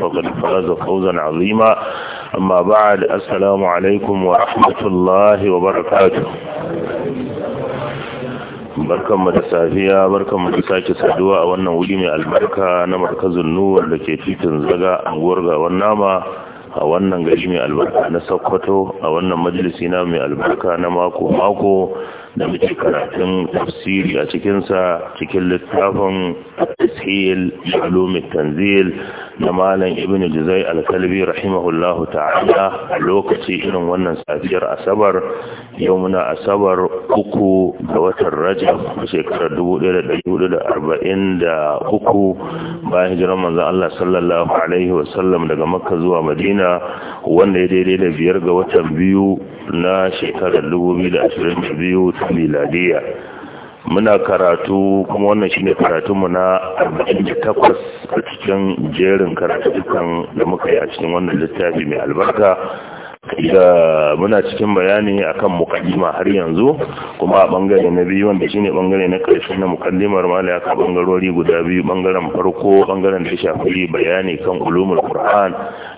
ربه فقد فاز فوزا عظيما أما بعد السلام عليكم ورحمة الله وبركاته barkanmu da safiya mu da sake saduwa a wannan wuri mai albarka na markazin nuwar da ke titin zaga anguwar gawan nama a wannan gari mai albarka na sokoto a wannan majalisi na mai albarka na mako mako da muke karatun tafsiri a cikinsa cikin littafin tashil alumin tanzil na malam ibn juzai al-kalbi rahimahullahu ta'ala a lokaci irin wannan safiyar asabar yau muna asabar uku da watan rajab shekarar 1443 bayan hijiran manzan Allah sallallahu alaihi wasallam daga makka zuwa madina wanda ya daidai da biyar ga watan biyu na shekarar 2022 ta miladiya muna karatu kuma wannan shine karatunmu na 48 a cikin jerin karatun da muka yi a cikin wannan littafi mai albarka da muna cikin bayani akan mukaddima har yanzu kuma a bangare na biyu wanda shine bangare na karshe na mukaddimar mala ka bangarori guda biyu bangaren farko bangaren da shafi bayani kan ulumul qur'an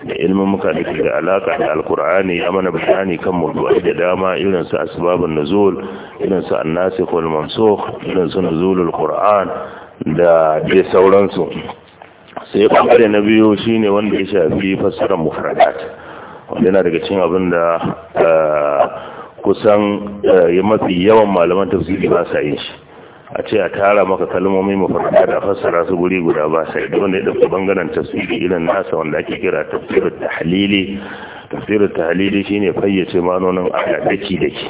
da ilmin muka da ke da alaka da alqur'ani ya mana bayani kan mawdu'ai da dama irin su asbabun nuzul irin su annasikh wal mansukh irin su nuzulul qur'an da dai sauransu sai bangare na biyu shine wanda ya shafi fassarar mufradat yana daga cin abin da eh, kusan eh, ya mafi yawan malaman tafsiri ba sa yin shi a ce a tara maka kalmomi mafarka da fassara su guri guda ba sai da wanda ya dauki bangaren tafsiri irin nasa wanda ake kira tafsirin tahlili tafsirin tahlili shine fayyace manonin aya daki daki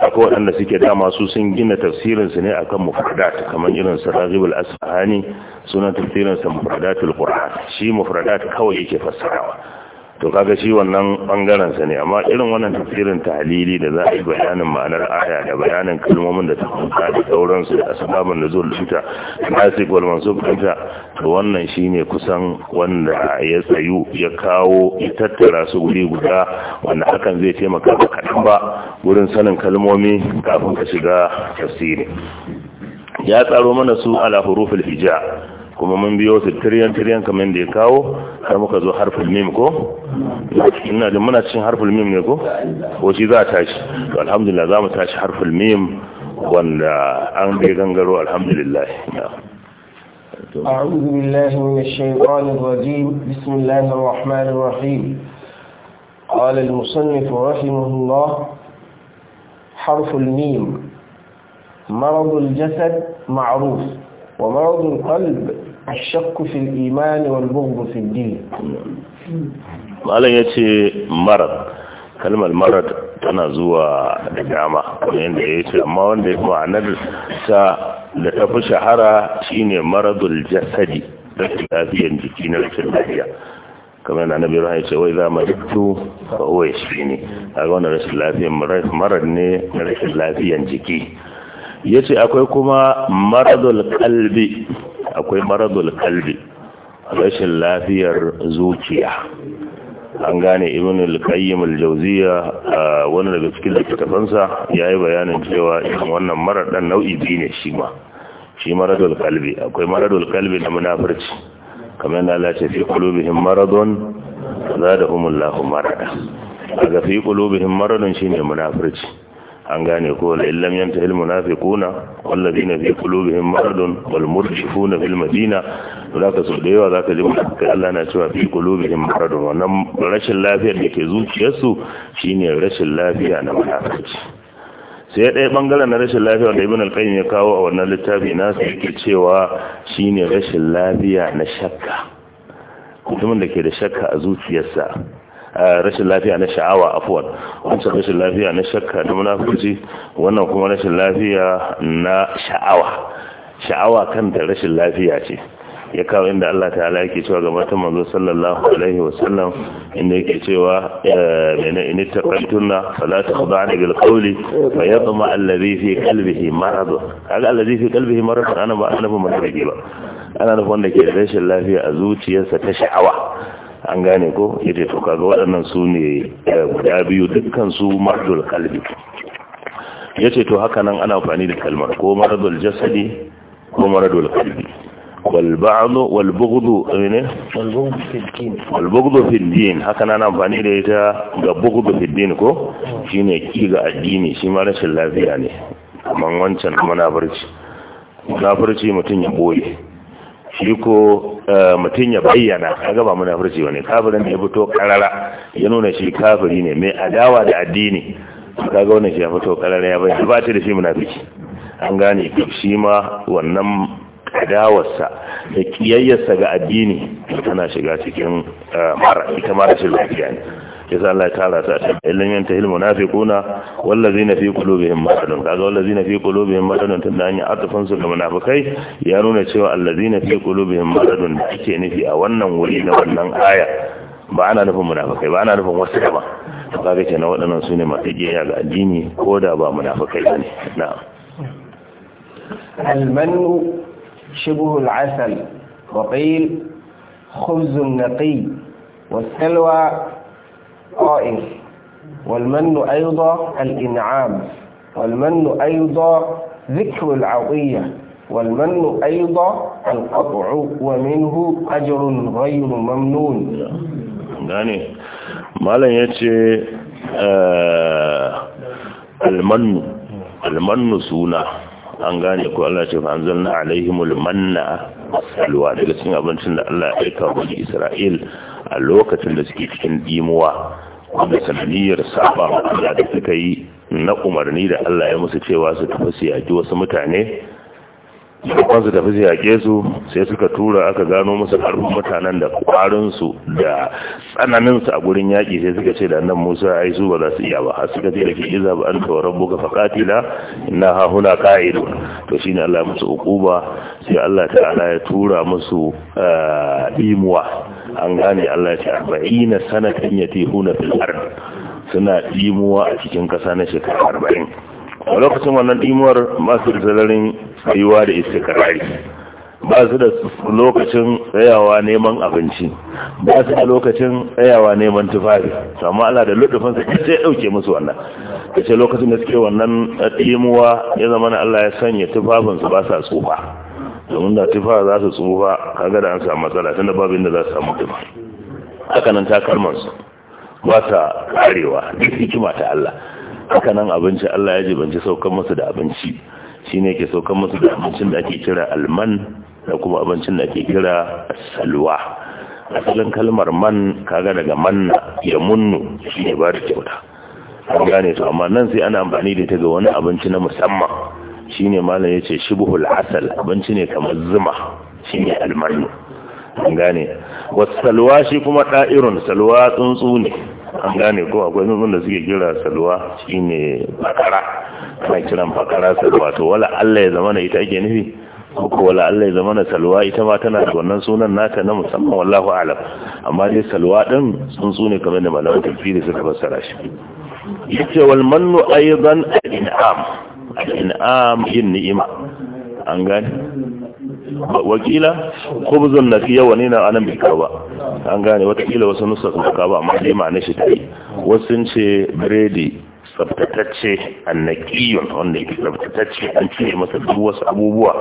akwai waɗanda suke dama su sun gina tafsirin su ne akan mufradat kamar irin su Raghibul Asfahani sunan sa mufradatul Qur'an shi mufradat kawai yake fassarawa to kaga shi wannan bangaren sa ne amma irin wannan tafsirin tahlili da za a yi bayanin ma'anar aya da bayanin kalmomin da ta kunsa da su da asbabun da zuwa dinta wal mansub kanta to wannan shine kusan wanda ya tsayu ya kawo ya tattara su guri guda wanda hakan zai taimaka ka kaɗan ba wurin sanin kalmomi kafin ka shiga tafsiri ya tsaro mana su ala huruful hija kuma mun biyo su tiryan tiryan kamar da ya kawo har muka zo harful mim ko ina da muna cin harful mim ne ko ko shi za a tashi to alhamdulillah za mu tashi harful mim wanda an bai gangaro alhamdulillah أعوذ بالله من الشيطان الرجيم بسم الله الرحمن الرحيم قال المصنف رحمه الله حرف الميم مرض الجسد معروف ومرض القلب الشك في الإيمان والبغض في الدين malam ya ce marar kalmar marar tana zuwa da dama yadda ya ce amma wanda ya ma'anar ta da ta fi shahara shine maradul jasadi rashin lafiyar jiki na rashin lafiya kamar na nabi rahai ce wai za mu duktu ba uwa shi ne a wani rashin lafiyar marar ne na rashin lafiyar jiki Ya ce akwai kuma maradul kalbi akwai maradul kalbi rashin lafiyar zuciya an gane ibn al-qayyim al wani daga cikin littafansa yi bayanin cewa ikon wannan marar nau'i biyu ne shi ma shi maradul kalbi akwai maradul kalbi na munafarci kamar yadda lace fi kulubihin maradun zadahumullahu marada daga fi qulubihim maradun shine munafurci. an gane ko la illam yantahi almunafiquna walladhina fi qulubihim maradun wal murjifuna fil madina zaka so da yawa zaka ji kai Allah na cewa fi qulubihim maradun wannan rashin lafiyar da ke zuciyarsu shine rashin lafiya na munafiki sai ɗaya bangaren na rashin lafiya da ibn al-qayyim ya kawo a wannan littafi nasu yake cewa shine rashin lafiya na shakka mutumin da ke da shakka a zuciyarsa Eh, rashin lafiya na sha'awa afuwar. wancan rashin lafiya na shakka da munafurci wannan kuma rashin lafiya na sha'awa sha'awa kanta rashin lafiya ce ya kawo inda Allah ta'ala yake cewa ga matan manzo sallallahu alaihi wa sallam!" inda yake cewa eh, mena in taqantuna fala takhda'na bil qawli fa yatma alladhi fi qalbihi marad kaga alladhi fi qalbihi marad ana ba annabi marad ba ana nufin da ke rashin lafiya a zuciyarsa ta sha'awa an gane ko yace to kaga waɗannan su ne eh, guda biyu dukkan su mardul qalbi yace to haka nan ana amfani da kalmar ko maradul jasadi ko maradul kalbi wal ba'd wal bughd eh, ne wal bughd fi din haka nan amfani da ita ga bughd fi din ko shine ki ga addini shi ma rashin lafiya ne amma wancan kuma na barci na barci mutun ya boye shi ko eh, mutum ya bayyana kaga ba furci wani kafirin da ya fito karara ya nuna shi kafiri ne mai adawa da addini kaga wannan shi ya fito karara ya bayyana ba ta da shi fiki an gane shi ma wannan adawarsa da kiyayyarsa ga addini tana shiga cikin eh, mara ita mara shi lafiya ne yasa Allah ya tara su a can illan yantahil munafiquna wallazina fi qulubihim maradun kaga wallazina fi qulubihim maradun tun da an yi atafan su ga munafikai ya nuna cewa allazina fi qulubihim maradun da ake nufi a wannan wuri na wannan aya ba ana nufin munafikai ba ana nufin wasu ba to kaga na waɗannan su ne masu jiya ga addini ko da ba munafikai ne na'am المن شبه العسل وقيل خبز نقي والسلوى قائل والمن أيضا الإنعام والمن أيضا ذكر العطية والمن أيضا القطع ومنه أجر غير ممنون يعني ما لن يتي المن المن سونا an gane ko Allah ce fa anzalna alaihimul manna salwa daga cikin abincin da Allah ya aika wa Isra'il a lokacin da suke cikin dimuwa wanda sananiyar saba wanda da suka yi na umarni da Allah ya musu cewa su tafi su yaƙi wasu mutane da su tafi su yaƙe su sai suka tura aka gano musu ƙarfin mutanen da ƙwarinsu da tsananinsu a gurin yaƙi sai suka ce da nan musa ai su ba za su iya ba har suka ce da ke iza ba an tawar rabu ga faƙatila ina hahuna huna ka'idu to shine Allah ya musu uquba sai Allah ta'ala ya tura musu eh, imuwa an gane Allah ce arba'ina sanatan yatihuna fil ard suna dimuwa a cikin kasa na shekara arba'in a lokacin wannan dimuwar masu zalarin sayuwa tsayuwa da istikrari ba su da lokacin tsayawa neman abinci ba su da lokacin tsayawa neman tufafi amma Allah da sa sai dauke musu wannan kace lokacin da suke wannan dimuwa ya zama Allah ya sanya tufafinsu ba sa tsufa domin da tufa za su tsufa kaga da an samu matsala tunda babu inda za su samu tufa haka nan su ba ta karewa duk hikima ta Allah haka nan abinci Allah ya jibanci saukan musu da abinci Shi ne ke saukan musu da abincin da ake kira alman da kuma abincin da ake kira salwa asalin kalmar man kaga daga manna ya munnu ne ba da kyauta an gane su amma nan sai ana amfani da ta ga wani abinci na musamman Shi ne shine malam yace shibhul asal abinci ne kamar zuma shine almanu an gane wasalwa shi kuma ɗa'irun salwa tsuntsu ne an gane ko akwai nufin da suke kira salwa shine fakara ana kiran fakara salwa to wala Allah ya zama na ita ake nufi ko wala Allah ya zama na salwa ita ma tana da wannan sunan nata na musamman wallahu alam amma dai salwa din tsuntsu ne kamar da malamin da suka fassara shi yace wal mannu aidan al-in'am al'in'am yin ni'ima an gani wakila kubzun na fiye wani na anan bai ba an gane watakila wasu nusa sun ka ba amma dai ma'ana shi ta yi wasu ce biredi tsabtatacce annakiyun wanda ya yake tsabtatacce an cire masa duk wasu abubuwa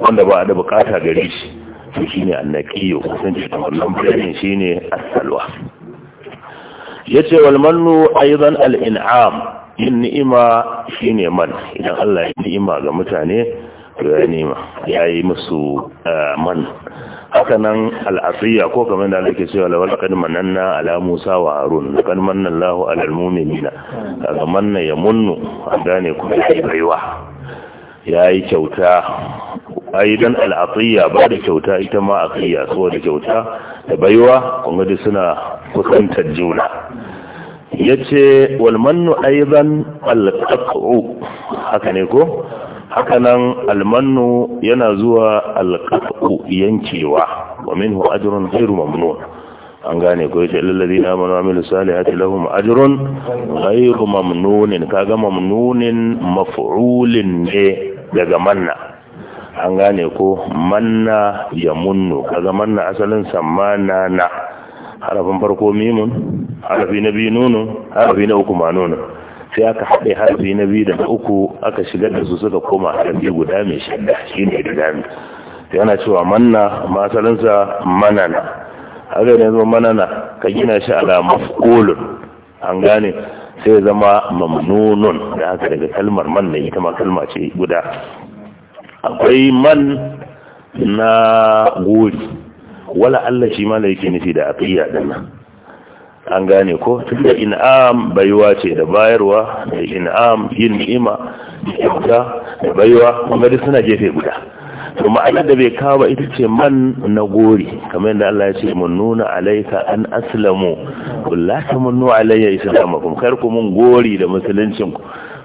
wanda ba a da bukata gare shi to shine annakiyo sun ce ta, wannan biredin shi ne asalwa yace wal mannu aidan al in'am yin ni'ima shi ne man idan Allah ya ni'ima ga mutane to ya ni'ima ya yi musu eh, man haka nan ko kamar da ake cewa lawal kad mananna ala Musa wa Harun kad manna Allahu ala al-mu'minina manna ya munnu gane kuma ya baiwa ya yi kyauta aidan al'atiyya ba da kyauta ita ma a so da kyauta da baiwa kuma duk suna kusantar juna yace wal mannu aidan al qat'u haka ne ko haka nan al mannu yana zuwa al yankewa wa minhu ajrun ghairu mamnun an gane ko yace lil ladina amanu wa amilus salihati lahum ajrun ghairu mamnun kaga mamnunin maf'ulin ne daga manna an gane ko manna ya munnu kaga manna asalin samana na harafin farko mimun harafi na biyu nunu harafi na uku ma nunu sai aka haɗe harafi na biyu da na uku aka shigar da su suka koma harafi guda mai shadda shi ne da dami sai ana cewa manna masalinsa manana haka ne zama manana ka gina shi ala maf'ulun an gane sai ya zama mamnunun da haka daga kalmar man ne ita ma kalma ce guda akwai man na gori wala Allah shi ma yake nufi da aqiyya din nan an gane ko tunda in'am baiwa ce da bayarwa da in'am yin ni'ima da kyauta da baiwa kuma duk suna gefe guda to ma'anar da bai kawo ita ce man na gori kamar yadda Allah ya ce mun nuna alaika an aslamu kullata munnu alayya islamakum kar ku mun gori da musuluncin ku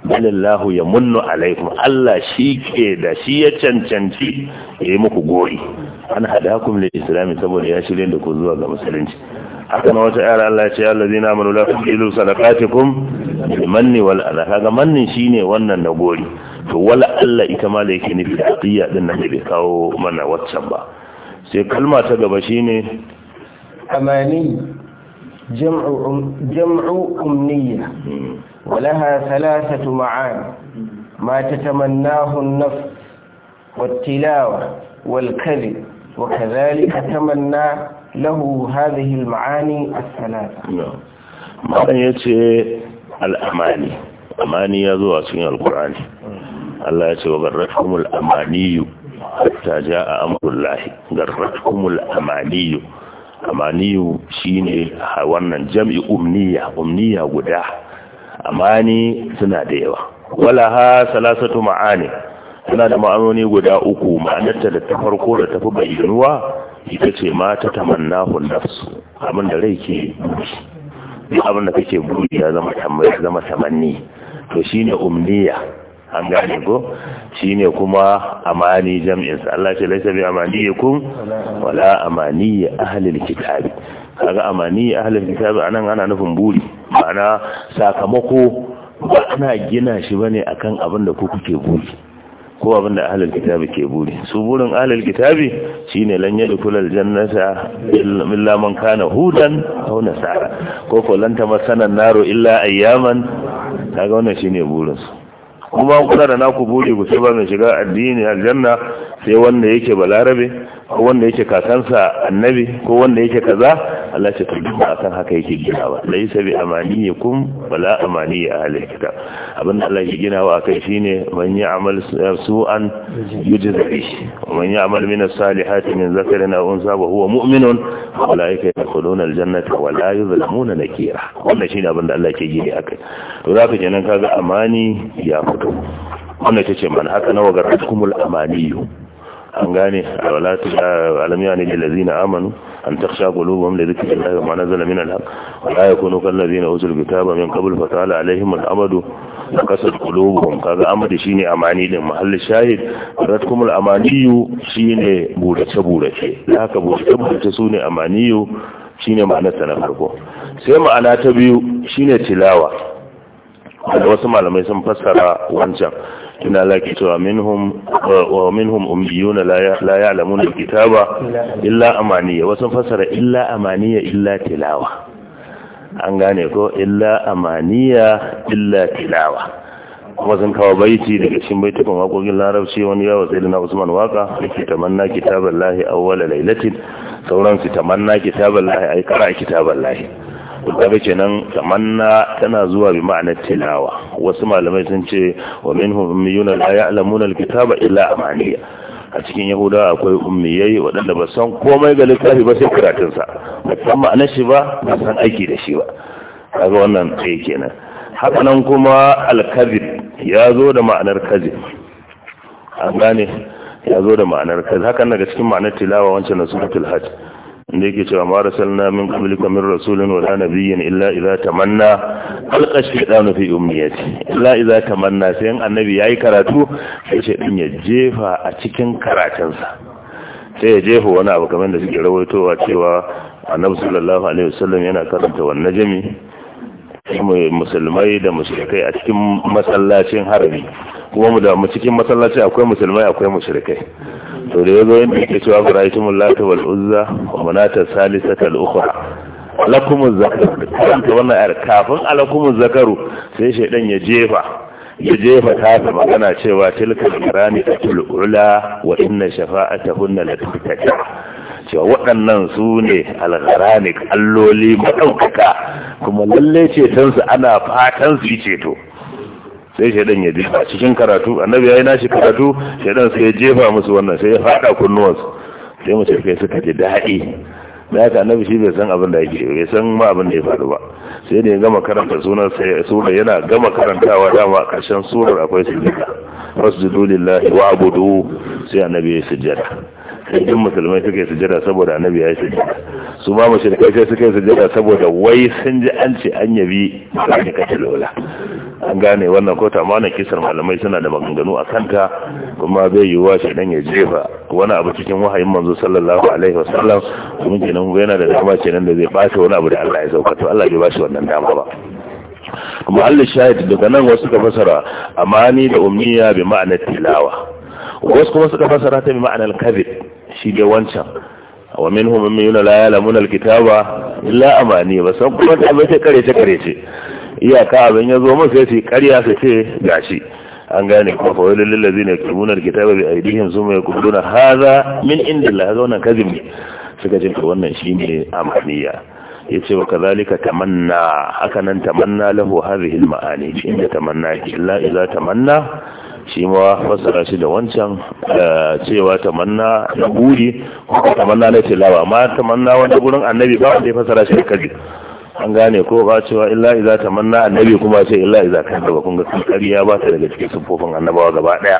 balillahu ya munnu alaikum Allah shi ke da shi ya cancanci ya yi muku gori an hadakum lil islami saboda ya shirya da ku zuwa ga musulunci haka na wata yara Allah ce allazina amanu la tuqilu sadaqatikum bil manni wal adha kaga mannin shine wannan nagori to wala Allah ita ma da yake nufi da aqiyya din nan bai kawo mana waccan ba sai kalma ta gaba shine amani jam'u um, jam'u umniyya ولها ثلاثة معاني ما تتمناه النفس والتلاوة والكذب وكذلك تمنى له هذه المعاني الثلاثة نعم معنى يتي الأماني أماني يذو أسمي القرآن الله يتي وغرتكم الأماني حتى جاء أمر الله غرتكم الأماني amaniyu shine a wannan jam'i umniya umniya guda amani suna da yawa wala ha salasatu ma'ani tana da ma'anoni guda uku ma'anarta da ta farko da tafi bayyanuwa ita ce ma ta tamanna nafsu abin da rai ke buri abin da kake buri ya zama zama tamanni to shine umniya an gane ko shine kuma amani jam'in Allah ce laisa bi yakum wala amani ahlil alkitab kaga amani ahlil alkitab anan ana nufin buri ma'ana sakamako ba ana gina shi bane akan abin da ku kuke buri ko abinda ahlul kitabi ke buri su burin ahlul kitabi shine lan yadkhul jannata illa man kana hudan aw nasara ko ko lan tamassana naro illa ayyaman kaga wannan shine burin su kuma kusa da naku buri ku bude ba shiga addini aljanna sai wanda yake balarabe ko wanda yake kakansa annabi ko wanda yake kaza Allah ce tabbata ba akan haka yake ba laysa bi amaniyakum wala amani ahli kitab abin da Allah gina wa kai shine man amal su'an yujza bihi man amal min as-salihati min dhakarin aw unsa wa huwa mu'minun ulaika yadkhuluna al-jannata wa la yuzlamuna nakira wannan shine abin da Allah yake gina akai to zaka kenan kaga amani ya fito wannan tace man haka nawa garatkumul amaniyu an gane wala alamiya ne lil na amanu an takhsha qulubuhum li dhikri zikin wa ma nazala min wala ya kuno la yakunu kal ladina utul kitaba min kabul fa ta'ala alaihim al-amadu kasat qulubuhum kaga shi shine amani din mahallin shahid al'amaniyu amaniyu shine burace burace haka burace burace sune amaniyu shine ma'anarsa na farko sai ma'ana ta biyu shi ne tilawa wasu malamai sun fassara wancan إن الله كتوى منهم ومنهم أميون لا يعلمون الكتابة إلا أمانية وسنفسر إلا أمانية إلا تلاوة illa amaniya illa tilawa. Kuma wasan kawo baiti daga cikin baitukan waƙoƙin larabci wani yawa sai na usman waka da ke tamanna kitabar lahi awwala lailatin sauransu tamanna kitabar lahi ai kara kitabar lahi kaga kenan tamanna tana zuwa bi ma'anar tilawa wasu malamai sun ce wa minhum ummiyuna la ya'lamuna alkitaba illa amaniya a cikin yahuda akwai ummiyai waɗanda ba san komai ga littafi ba sai karatun ba san ma'anar shi ba ba san aiki da shi ba kaga wannan sai kenan haka nan kuma alkazib ya zo da ma'anar kazib an gane ya zo da ma'anar kazib hakan daga cikin ma'anar tilawa wancan na suratul hajj inda yake cewa ma rasulna min qablika min rasulin wala nabiyyin illa idza tamanna alqa shaytanu fi umniyati illa idza tamanna sai annabi yayi karatu sai shaytan ya jefa a cikin karatun sa sai ya jefa wani abu kamar da suke rawaitowa cewa annabi sallallahu alaihi wasallam yana karanta wannan jami musulmai da mushrikai a cikin masallacin harbi kuma mu da mu cikin masallaci akwai musulmai akwai mushrikai to da ya zo yadda cewa farashin lata wal uzza wa manata salisata al ukhra zakar kan ta wannan ayar kafin alakumuz zakaru sai shedan ya jefa ya jefa ta magana cewa tilka karani atul ula wa inna shafa'atuhunna la cewa waɗannan su ne algharanik alloli maɗaukaka kuma lalle tansu ana fatan su yi ceto sai shaidan ya jefa cikin karatu annabi ya yi nashi karatu shaidan sai ya jefa musu wannan sai ya fada kunnuwansu sai mu kai suka ji daɗi da haka annabi shi bai san abin da yake bai san ma abin da ya faru ba sai da ya gama karanta sunan sai sura yana gama karantawa dama karshen surar akwai sujjada fasjudu lillahi wa sai annabi ya sujjada in musulmai suka yi sujada saboda annabi ya yi sujada su ma mushrikai sai suka yi sujada saboda wai sun ji an ce an yabi ka kace lola an gane wannan ma wannan kisar malamai suna da maganganu a kanta kuma bai yiwuwa shi dan ya jefa wani abu cikin wahayin manzo sallallahu alaihi wasallam kuma kenan yana da dama kenan da zai bace wani abu da Allah ya sauka to Allah bai bashi wannan dama ba kuma Allah shahid daga nan wasu ka fasara amani da umniya bi ma'anar tilawa wasu kuma suka fasara ta bi ma'anar kadhib shi dai wancan wa min minhum man yuna la ya'lamuna kitaba? illa amani ba san kuma ta bai ta karece karece iyaka abin ya zo mun sai su ƙarya su ce gashi an gane kuma fawailul lil ladzina yaktubuna alkitaba bi aydihim thumma yaquluna hadha min indillah hadha wannan kadhib ne suka ce to wannan shine amaniya yace wa kadhalika tamanna haka nan tamanna lahu hadhihi almaani inda tamanna illa idza tamanna shi ma fasara shi da wancan eh, cewa tamanna na buri ko tamanna na tilawa amma tamanna wanda gurin annabi ba wanda ya fasara shi da kaji an gane ko ba cewa illa iza tamanna annabi kuma ce illa iza da kun ga kariya ba ta daga cikin sufofin annabawa gaba daya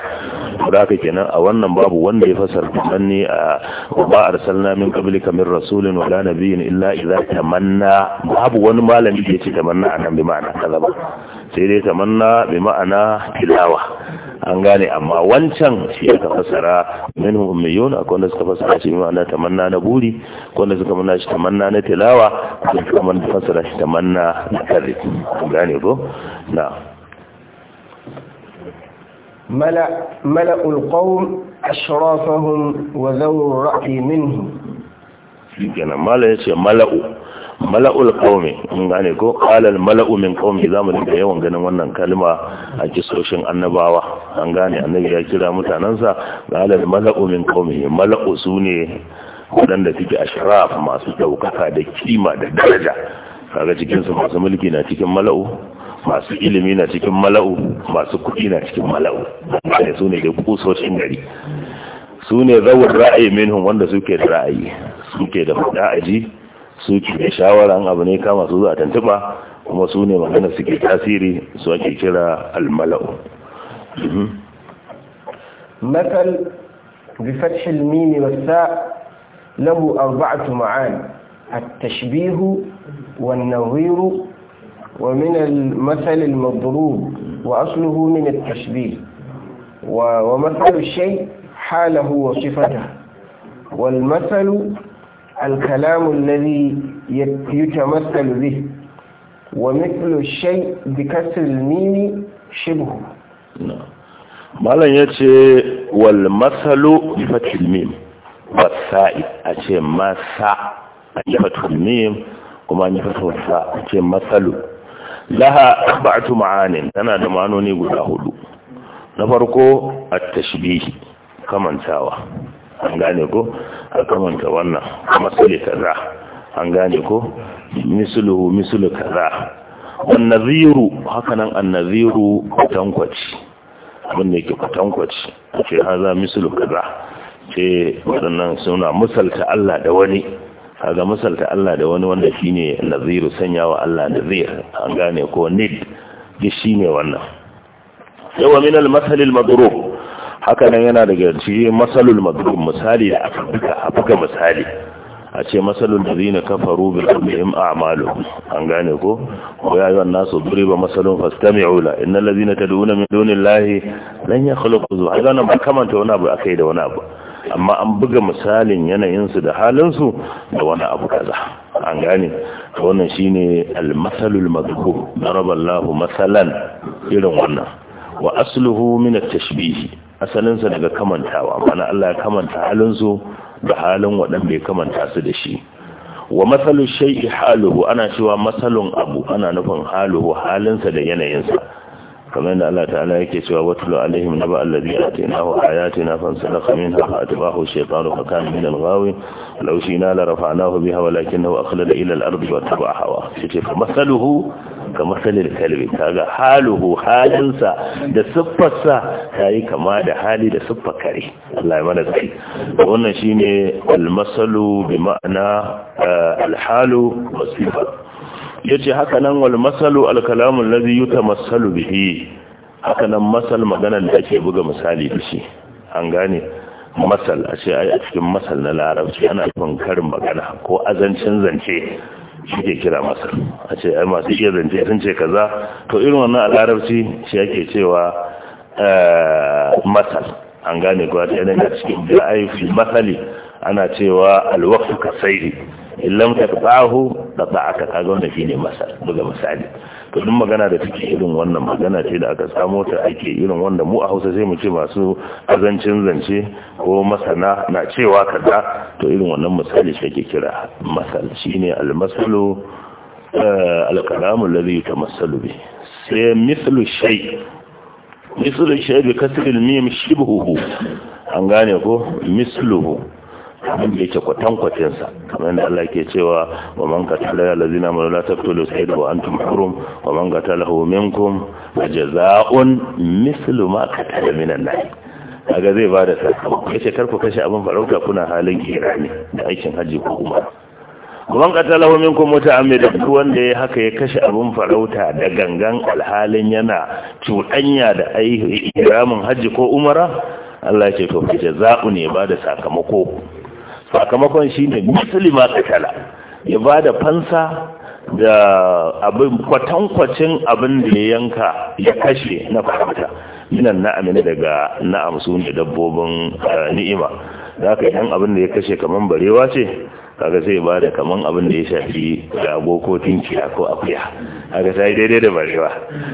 da haka kenan a wannan babu wanda ya fasara tamanni a ba arsalna min qablika min rasulin la nabiyyin illa iza tamanna babu wani malami da ya ce tamanna annabi bi ma'ana kaza ba sai dai tamanna bi ma'ana tilawa an gane amma wancan shi aka fasara min ummiyun akwai wanda suka fasara shi ma'ana tamanna na buri akwai wanda suka manna shi tamanna na tilawa da suka manna fasara shi tamanna na kare an gane ko na ملأ القوم أشرافهم وذو الرأي منهم. يعني ملأ يسمى malau. mala'ul qaumi mun gane ko qala al mala'u min qaumi zamu dinga yawan ganin wannan kalma a kisoshin annabawa an gane annabi ya kira mutanansa qala al mala'u min qaumi mala'u sune wadanda suke ashraf masu daukaka da kima da daraja kaga cikin su masu mulki na cikin mala'u masu ilimi na cikin mala'u masu kuɗi na cikin mala'u da su ne da kusoshin gari su ne zawar ra'ayi minhum wanda suke da ra'ayi suke da fada'aji aji su ke da shawara abu ne kama su za a tuntuɓa kuma su ne magana suke tasiri su ake kira almala'u مثل بفتح الميم والساء له أربعة معاني التشبيه والنظير ومن المثل المضروب وأصله من التشبيه ومثل الشيء حاله وصفته والمثل الكلام الذي يتمثل به ومثل الشيء بكسر الميم شبه malam ya ce wal masalu bi fathil mim wasa'i a ce masa a ce fathil mim kuma an yi fathil sa a ce masalu laha ba'atu ma'anin tana da ma'anoni guda hudu na farko at-tashbih kamantawa an a kamanta wannan masali kaza an gane ko misluhu mislu kaza wan hakanan an nadhiru tankwaci abin da yake kwatankwaci ce haza mislu kaza ce waɗannan suna misalta Allah da wani kaga misalta Allah da wani wanda shine naziru sanyawa Allah nazir an gane ko nid shi shine wannan yawa min al-masal al-madrub haka nan yana daga cikin masalul madrum misali da aka buga a buga misali a ce masalul ladina kafaru bil rabbihim a'malu an gane ko ko ya yawan nasu duriba masalun fastami'u la innal ladina tad'una min dunillahi lan yakhluqu zuha nan ba ta wani abu akai da wani abu amma an buga misalin yanayinsu da halinsu da wani abu kaza an gane wannan shine al-masalul madhkur daraballahu masalan irin wannan wa asluhu min at-tashbih asalinsa daga kamantawa mana Allah ya kamanta halinsu da halin waɗanda bai kamanta su da shi wa matsalin shai'i haluhu ana cewa matsalin abu ana nufin haluhu halinsa da yanayinsa kamar da Allah ta'ala yake cewa watulu alaihim naba allazi atainahu ayatina fansalakha minha fa atbahu shaytanu fa kana min al-ghawi law shina la rafa'nahu biha walakinahu akhlada ila al-ardi wa tabaha wa fa masaluhu ga masalin kalbi kaga haluhu halinsa da siffarsa ta kama da hali da siffar kare Allah ya mana tsaye wannan shine almasalu bi ma'ana eh, alhalu siffa yace haka nan wal masalu al kalamu allazi yutamassalu bihi haka nan masal magana da ake buga misali da shi an gane masal a ce a cikin masal na larabci ana nufin karin magana ko azancin zance shi ke kira masa a ce ai masu iya zance sun ce kaza to irin wannan a larabci shi ake cewa eh, masal an gane kuwa ta a cikin da aifi masali ana cewa alwaqtu kasairi illam taqtahu da ka kaga wannan shine masal buga misali to duk magana da take irin wannan magana ce da aka samo ta ake irin wanda mu a Hausa sai mu ce masu azancin zance ko masana na cewa kaza to irin wannan misali shi ake kira masal shine almasalu eh, alkalamu alladhi tamassalu bi sai mithlu shay mithlu shay bi kasri almim shibuhu an gane ko misluhu abinda yake kwatankwacin sa kamar yadda Allah ke cewa wa man qatala allazina amanu la taqtulu sayyidu wa antum hurum wa man qatalahu minkum jazaa'un mislu ma qatala min minan nar kaga zai bada sakamako kace karku kashe abin farauta kuna halin kirani da aikin haji ko umara kuman qatalahu minkum muta'ammidan duk wanda ya haka ya kashe abin farauta da gangan alhalin yana cuɗanya da ihramin haji ko umara Allah ya ce to jazaa'u ne ba da sakamako sakamakon shine muslima tsakala ya ba da fansa da abin kwatankwacin abin da ya yanka ya kashe na farauta minan na'am daga na'am su ne dabbobin eh, ni'ima za ka yi abin da ya kashe kamar barewa ce kaga zai ba da kaman abin da ya shafi rago ko tinkiya ko akuya kaga sai daidai da barewa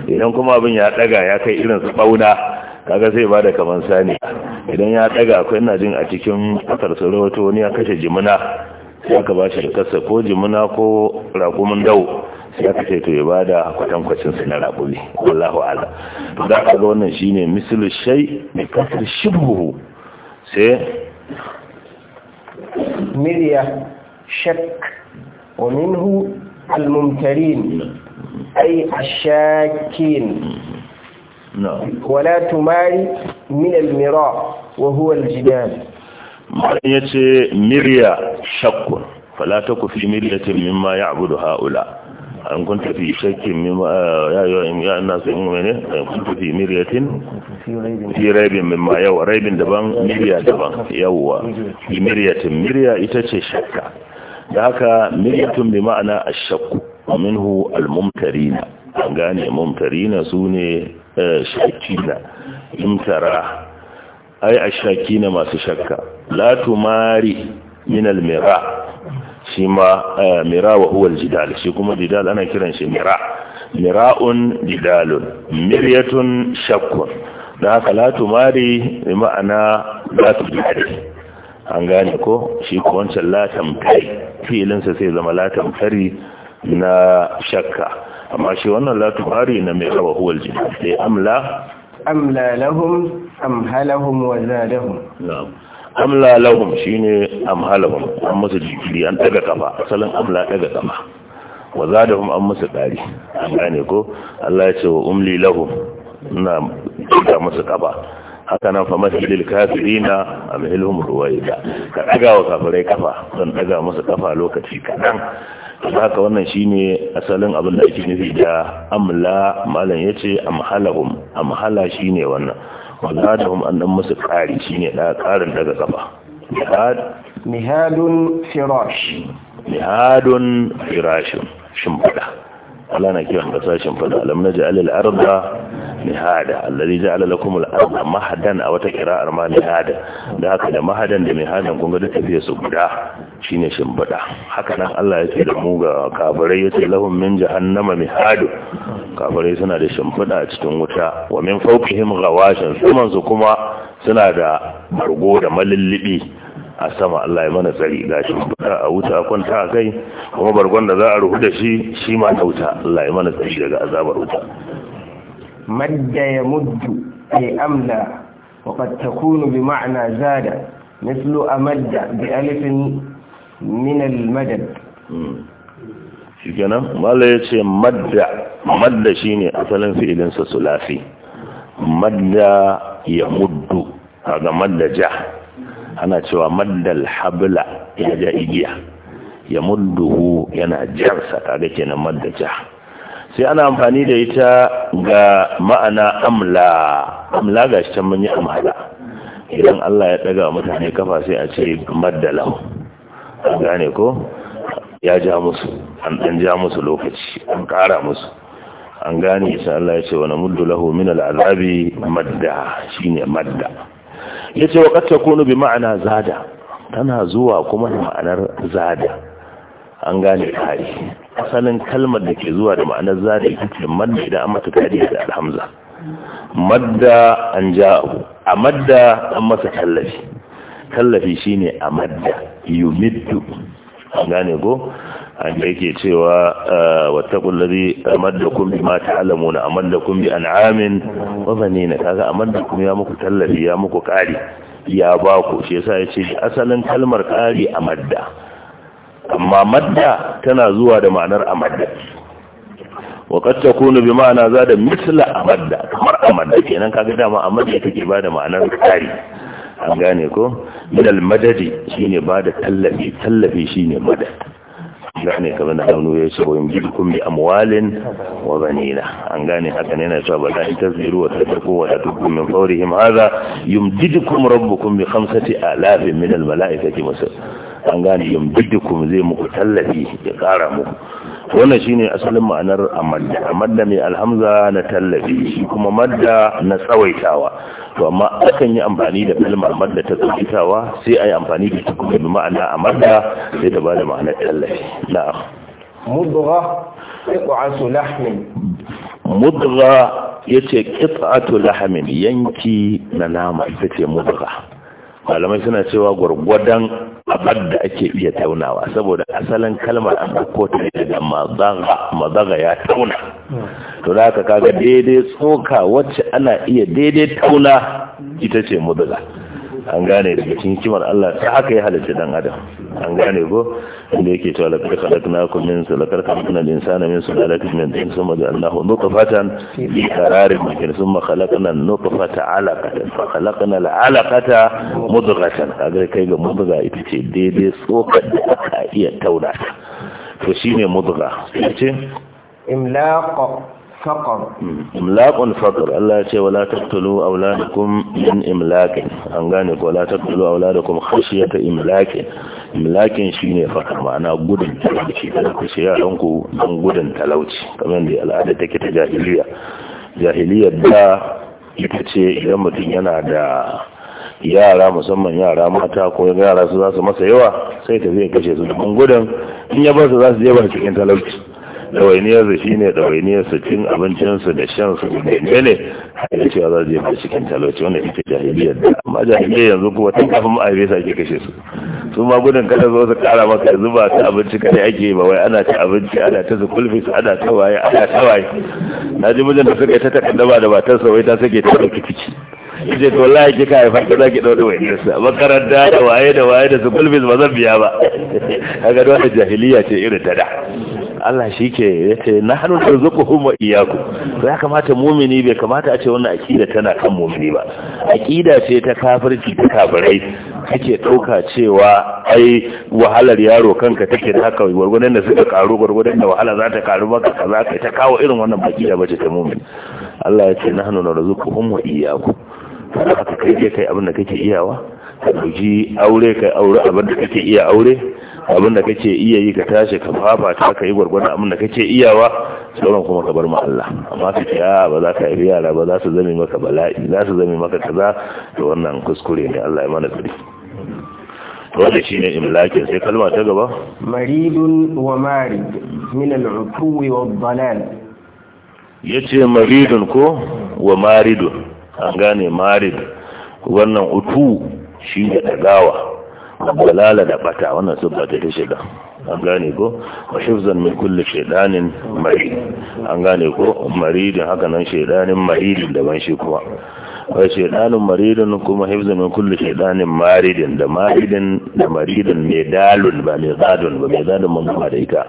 idan kuma abin ya daga ya kai irin su bauna kaga zai ba da kaman sani idan ya daga akwai ina jin a cikin kasar wato wani ya kashe jimina sai aka ba shi rikarsa ko jimina ko raƙumin dau sai aka ce to ya ba da kwacin su na raƙumi wallahu ala to da aka ga wannan shine mislu shay mai kasar shibhu sai miliya shak wa minhu al-mumtarin ay ash-shakin wala tumari min almira wa huwa aljidan malam yace mirya shakkun fala taku fi miryatin mimma ya'budu haula an kunta fi shakkin mimma ya ayyuha ya annas in mene kunta fi miryatin fi raibin mimma yawa raibin daban mirya daban yawa fi miryatin mirya ita ce shakka da haka miryatun bi ma'ana ashakku minhu almumtarina an gane mumtarina sune Eh, shakina in tara ai masu shakka Latu mari minal almira shi ma eh, mira wa shi kuma jidal ana kiran shi mira mira'un jidalun miryatun shakkun da haka la mari bi ma'ana latu tumari an gane ko shi ko wancan la tamkari filinsa sai zama la na shakka amma shi wannan la tubari na mai raba huwal jini sai amla amla lahum amhalahum wa zadahum na'am amla lahum shine amhalahum an musu jikiri an daga kafa asalin amla daga kafa wa zadahum an musu dari an gane ko Allah ya ce wa umli lahum na da musu kafa haka nan masjidil kafirina amhilhum ruwaida ka daga wa kafirai kafa dan daga musu kafa lokaci kadan haka wannan shine asalin abin da ake nufi da amla malam yace amhalahum amhala shine wannan wazadahum an dan musu ƙari shine da ƙarin daga kafa nihadun firash nihadun firashin shimbada Allah na kiran kasashen fada alam na ja'alil al-arda mihada alladhi ja'ala lakum al-arda mahadan a wata kira'ar ma mihada da haka da mahadan da mihadan kun ga duk tafiye su guda shine shimbada haka nan Allah yake da mu ga kafirai yace lahum min jahannama mihadu kafirai suna da shimfiɗa a cikin wuta wa min fawqihim ghawashan su kuma suna da bargo da malillibi a sama Allah ya mana tsari ga shi a wuta a kwanta a kai kuma bargon da za a ruhu da shi shi ma ta wuta Allah ya mana tsari daga azabar wuta madda ya muddu ay amla wa qad takunu bi ma'na zada mithlu amadda bi alifin min al madad hmm. shi kenan mala ya ce madda madda shine asalin fi'ilin sa sulasi madda ya muddu kaga madda ja ana cewa maddal habla ya ja igiya ya mudduhu yana jarsa kaga kenan madda ja sai ana amfani da ita ga ma'ana amla amla ga shi can mun yi amala idan Allah ya daga mutane kafa sai a ce maddalahu gane ko ya ja musu an dan ja musu lokaci an kara musu an gane sai Allah ya ce wa namuddu lahu min al'azabi madda shine madda ya ce wa ƙasar kunu bi ma'ana zada tana zuwa kuma da ma'anar zada an gane kari asalin kalmar da ke zuwa da ma'anar zada ita ce madda idan an mata kari da alhamza madda an ja'ahu a madda an masa tallafi tallafi shine a madda yumiddu an gane ko an da yake cewa ah, wattaqul ladhi amadakum bima ta'lamuna amadakum bi an'amin wa banina kaga amadakum ya muku tallafi ya muku kari ya ba ku shi yasa yace asalin kalmar kari amadda amma madda tana zuwa da ma'anar amadda وقد تكون بمعنى زاد مثل أمد كمر أمد كينان كاك داما أمد يتكي بعد gane كاري أنغاني كو من المدد شيني بعد تلفي تلفي شيني مدد gane kamar da hannu ya ce wayan bidkum bi amwalin wa banina an gane haka ne na cewa ba za in tasbiru wa tattaku wa tatukum min fawrihim hadha yumdidukum rabbukum bi khamsati alafin min al malaikati masa an gane yumdidukum zai muku tallafi ya kara muku wannan shine asalin ma'anar amadda amadda mai alhamza na tallafi kuma madda na tsawaitawa to amma akan yi amfani da kalmar madda ta tsawaitawa sai ayi amfani da ta kuma ma'ana amadda sai ta bada ma'anar tallafi na'am mudgha qit'atu lahmin mudgha yace qit'atu lahmin yanki na nama ita ce mudgha malamai suna cewa gwargwadon abad da ake iya taunawa saboda asalin kalmar an ko ta yi daga mazaga ya tauna to da haka kaga daidai tsoka wacce ana iya daidai tauna ita ce mudula. an gane daga cikin hikimar Allah ta haka ya halitta dan adam an gane ko inda yake cewa laqad khalaqnakum min laqad khalaqnal insana min sulalatin min tin thumma ja'alnahu nutfatan fi qararin makin thumma khalaqnal nutfata 'alaqatan fa khalaqnal 'alaqata mudghatan kaga kai ga mudgha ita ce daidai tsokar da aka iya tauna to shine mudgha ce imlaq faqar imlaqun faqar Allah ya ce wala a auladakum min imlaqin an gane ko wala taqtulu auladakum khashyata imlaqin imlaqin shine faqar ma'ana gudun talauci ku ce yaran ku dan gudun talauci kamar da al'ada take ta jahiliya jahiliyar da ita ce idan mutum yana da yara musamman yara mata ko yara su za su masa yawa sai ta zai kashe su da gudun in ya bar su za su je ba cikin talauci ɗawainiyarsa shi ne ɗawainiyarsa cin abincinsa da shansa da menene da cewa za su ba cikin talauci wanda ita jahiliyar da amma jahiliyar yanzu kuma tun kafin ma'aibe sa ake kashe su su ma gudun kada zo su kara maka zuba ta abinci kada ake ba wai ana ta abinci ana ta zukulfis ana ta waye ana ta waye na ji mijin da suka yi ta takaddama da matarsa wai ta sake ta ɗauki fice je to wallahi kika haifa da zaki dauɗe wa sa makaranta da waye da waye da su bulbis ba zan biya ba kaga dole jahiliya ce irin ta da Allah shi ke ya ce na da tarzukuhum wa iyaku ya kamata mumini bai kamata a ce wannan akida tana kan mumini ba akida ce ta kafirci ta kafirai kake ɗauka cewa ai wahalar yaro kanka take da haka gwargwadon da suka karu gwargwadon da wahala za ta karu maka kaza kai ta kawo irin wannan bakiya da bace ta mumini Allah ya ce na da tarzukuhum wa iyaku kada aka kai je kai abin da kake iyawa ka dauki aure kai aure abin da kake iya aure abin da kake iya yi ka tashi ka fafata ka yi gwargwadon abin da kake iyawa sauran kuma ka bar ma Allah amma ka ce a ba za ka yi yara ba za su zame maka bala'i za su zame maka kaza to wannan kuskure ne Allah ya mana tsari wanda shi ne imlakin sai kalma ta gaba maridun wa marid min al-utuwi wa dalal yace maridun ko wa maridun an gane marid wannan utu shi da dagawa dalala da bata wannan subba ta ta shiga an gane ko mashifzan min kulli shaydanin marid an gane ko maridin haka nan shaydanin maridin ban shi kuma wa shaydanin maridin kuma hifzan min kulli shaydanin maridin da maridin da maridin mai dalun ba mai zadun ba mai zadun mun da ita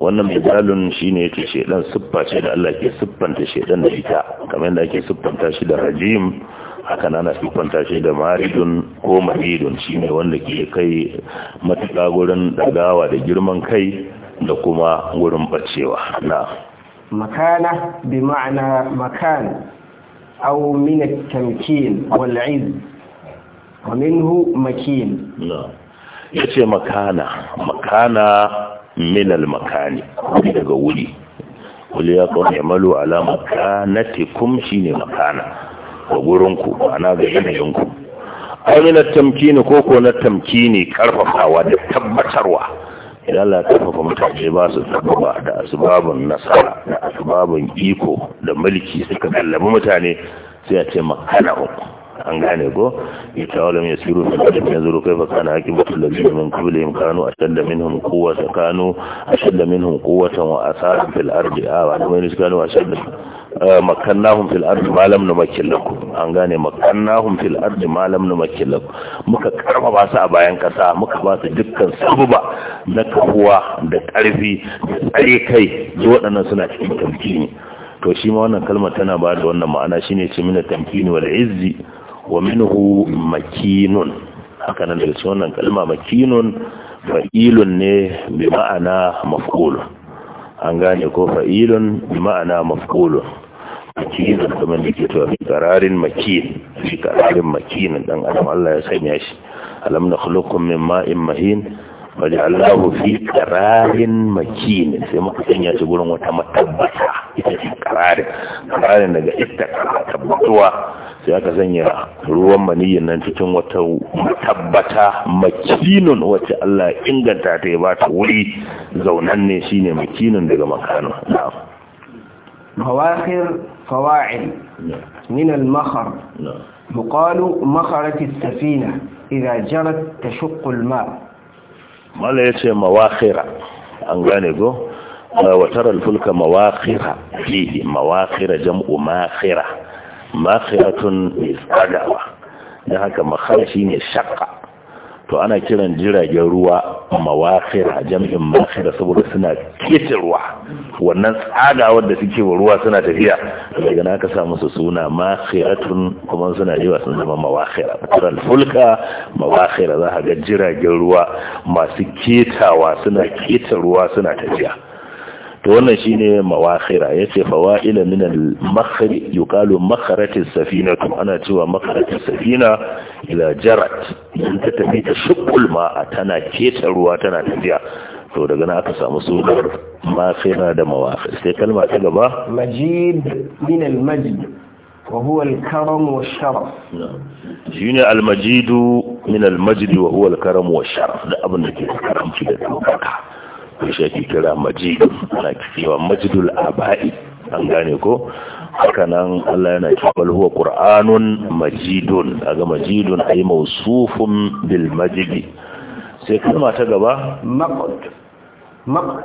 wannan misalin shine yake shedan siffa ce da Allah ke siffanta shedan da ita kamar yadda ake siffanta shi da rajim haka nan na siffanta shi da maridun ko mahidun shine wanda ke kai matuƙa gurin dagawa da girman kai da kuma gurin bacewa na makana bi ma'ana makan aw min at-tamkin wal 'izz wa minhu makin na yace makana makana minal makani daga wuri wuli ya kawo malu ala makanatikum shine makana ga gurinku ana ga yanayinku na tamkini ko ko na tamkini karfafawa da tabbatarwa idan Allah karfafa mutane ba su tabbaba da asbabun nasara da asbabun iko da mulki suka kallabi mutane sai a ce makana an gane ko ita walam ya siru fa da yanzu kai fa kana aqibatu alladhina min qablihim kanu ashadda minhum quwwatan kanu ashadda minhum quwwatan wa asaru fil ardi ah, aw kanu kanu ashadda ah, makannahum fil ardi ma lam numakkil lakum an gane makannahum fil ardi ma lam numakkil lakum muka karba ba su a bayan kasa muka ba su dukkan sabuba na kafuwa da karfi da tsare kai da waɗannan suna cikin tamkini to shi ma wannan kalmar tana ba da wannan ma'ana shine ce mina tamkini wal izzi wa minhu makinun haka nan daga cikin wannan kalma makinun fa'ilun ne bi ma'ana maf'ulun an gane ko fa'ilun bi ma'ana maf'ulun makinun kamar da ke to qararin makin fi qararin dan adam Allah ya sanya shi alam nakhluqukum min ma'in mahin waje'allahu fi qararin makin sai muka sanya shi gurin wata matabbata ita ce qararin qararin daga ittaka tabbatuwa sai aka sanya ruwan maniyin nan cikin wata tabbata makinun wacce Allah inganta ta ya ba ta wuri zaunan ne shine makinun daga makano na'am fawakhir fawa'il min al-makhar yuqalu makharat safina idha jarat ta al-ma mala yace mawakhira an gane go wa tara al-fulka mawakhira fihi mawakhira jam'u makhira makhiratun mai tsagawa don haka shi ne shakka to ana kiran jiragen ruwa mawakira jam'in makira saboda suna kece ruwa wannan tsada da suke wa ruwa suna tafiya daga naka sa musu suna makhiratun kuma suna yawa sun zama mawakira kuran fulka mawakira za ga jiragen ruwa masu ketawa suna keta ruwa suna tafiya to wannan shi ne shine mawakhira yace fawaila min al yukalu yuqalu makharatis Kuma ana cewa makharatis safina ila jarat in ta tafi ta shukul ma'a tana keta ruwa tana tafiya to daga na aka samu sunar makhira da mawakhir sai kalma ta gaba majid min al-majd wa huwa karam wa sharaf shine al-majid min al-majd wa huwa karam wa sharaf da abin da ke karamci da dokaka akwai shi ake kira majid ana cewa majidul aba'i an gane ko haka nan Allah yana cewa bal huwa qur'anun majidun aga majidun ay mawsufun bil majid sai kuma ta gaba maqad maqad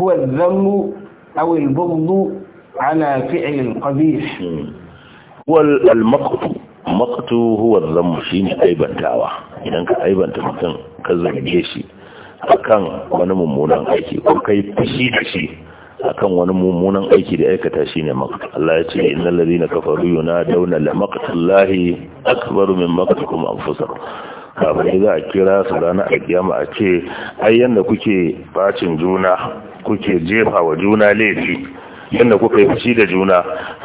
huwa al dhammu aw al-bughd ala fi'l al-qabih hmm. wal al-maqd maqtu huwa adh-dhammu ne aibantawa idan ka aibanta mutum ka zarge shi akan wani mummunan aiki ko kai fushi da shi akan wani mummunan aiki da aikata shi ne maka Allah ya ce innal ladina kafaru yunaduna la maqtallahi akbar min maqtikum anfusakum kafin za a kira su ranar alkiyama a ce ai yanda kuke bacin juna kuke jefa wa juna laifi yanda kuka yi fushi da juna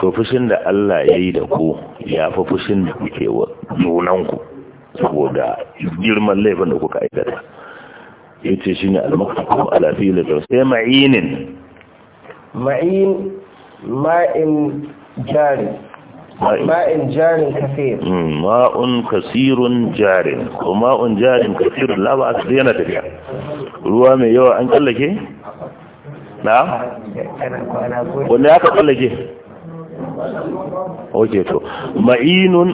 to fushin da Allah ya yi da ku ya fi fushin da kuke wa junanku saboda girman laifin da kuka aikata yace shi ne maqsum ala fi'l sai ma'inin ma'in ma'in jari ma'in jarin kasir. Hmm, ma'un kasirun jarin ko ma'un jarin kasirun laba ba a yana tafiya ruwa mai yawa an kallake na wanda aka kallake ok to ma'inun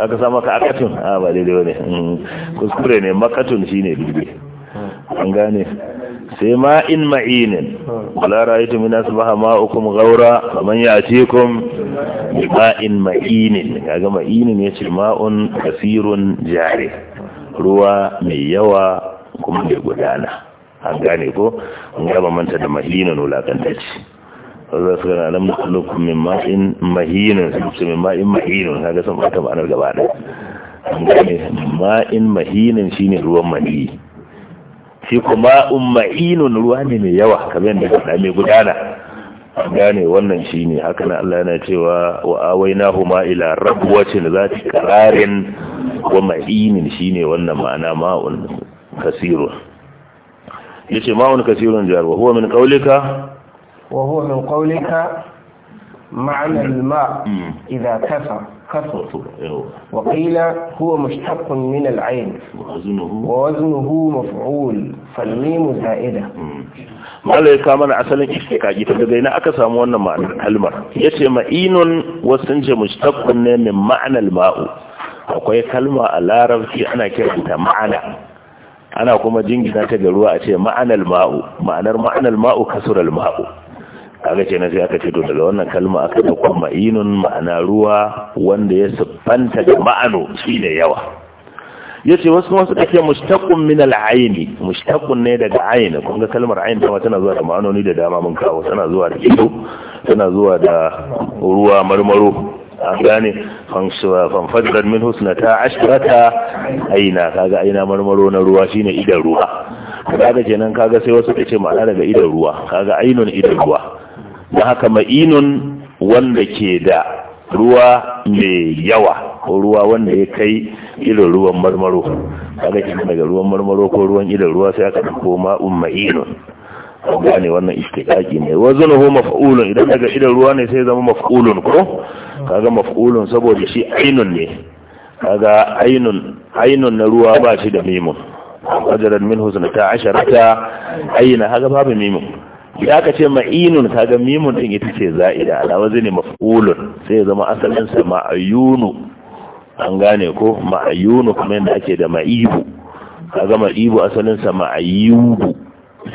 aka sa maka akatun a ah, ba daidai wane mm, kuskure ne makatun ne daidai an gane sai ma'in in ma'inin wala ra'aytu min asbaha ma'ukum ghawra faman ya'tikum bi ma'in ma'inin Ya ga ma'inin ya ce ma'un kasirun jari ruwa mai yawa kuma mai gudana an gane ko an gaba manta da ma'inin wulakantacci Allah suka na nan mutulukun min ma'in mahinin su min ma'in mahinin kaga sun fata ma'anar gaba da ma'in mahinin shine ruwan mani shi kuma un ma'inun ruwa ne mai yawa kamar yadda ka mai gudana gane wannan shine haka na Allah yana cewa wa na huma ila za zati kararin wa ma'inin shine wannan ma'ana ma'un Ya yace ma'un kasirun jihar wa huwa min kaulika وهو من قولك معنى الماء إذا كثر كثر وقيل هو مشتق من العين ووزنه مفعول فالميم زائدة malai ka mana asalin istiqaqi ta daga ina aka samu wannan ma'anar kalmar Ya yace ma'inun wasun ce mushtaqqun ne min ma'anal ma'u akwai kalma a larabci ana kiranta ma'ana ana kuma jingina ta ga ruwa a ce ma'anal ma'u ma'anar ma'anal ma'u kasural ma'u kaga ce na sai aka ce to daga wannan kalma aka dauko ma'inun ma'ana ruwa wanda ya sabanta da ma'ano shi da yawa yace wasu wasu kake mushtaqun min al-ayn mushtaqun ne daga ayn kun ga kalmar ayn ta tana zuwa da ma'anoni da dama mun kawo tana zuwa da ido tana zuwa da ruwa marmaro an gane fanfadar min husna ta ashirata aina kaga aina marmaro na ruwa shine idan ruwa kaga kenan kaga sai wasu ta ce ma'ana daga idan ruwa kaga ainun idan ruwa da haka ma'inun wanda ke da ruwa mai yawa ko ruwa wanda ya kai irin ruwan marmaro kaga kenan daga ruwan marmaro ko ruwan irin ruwa sai aka dauko ma'un ma'inun an gane wannan istiqaqi ne wazunuhu maf'ulun idan daga idan ruwa ne sai zama maf'ulun ko kaga maf'ulun saboda shi ainun ne kaga ainun ainun na ruwa ba shi da mimun qadaran minhu 12 ayna haga babu mimun idan aka ce ma'inun kaga mimun din ita ce za'ida alawa zai ne maf'ulun sai ya zama asalin sa ma'ayunu an gane ko ma'ayunu kuma yadda ake da ma'ibu kaga ma'ibu asalin sa ma'ayubu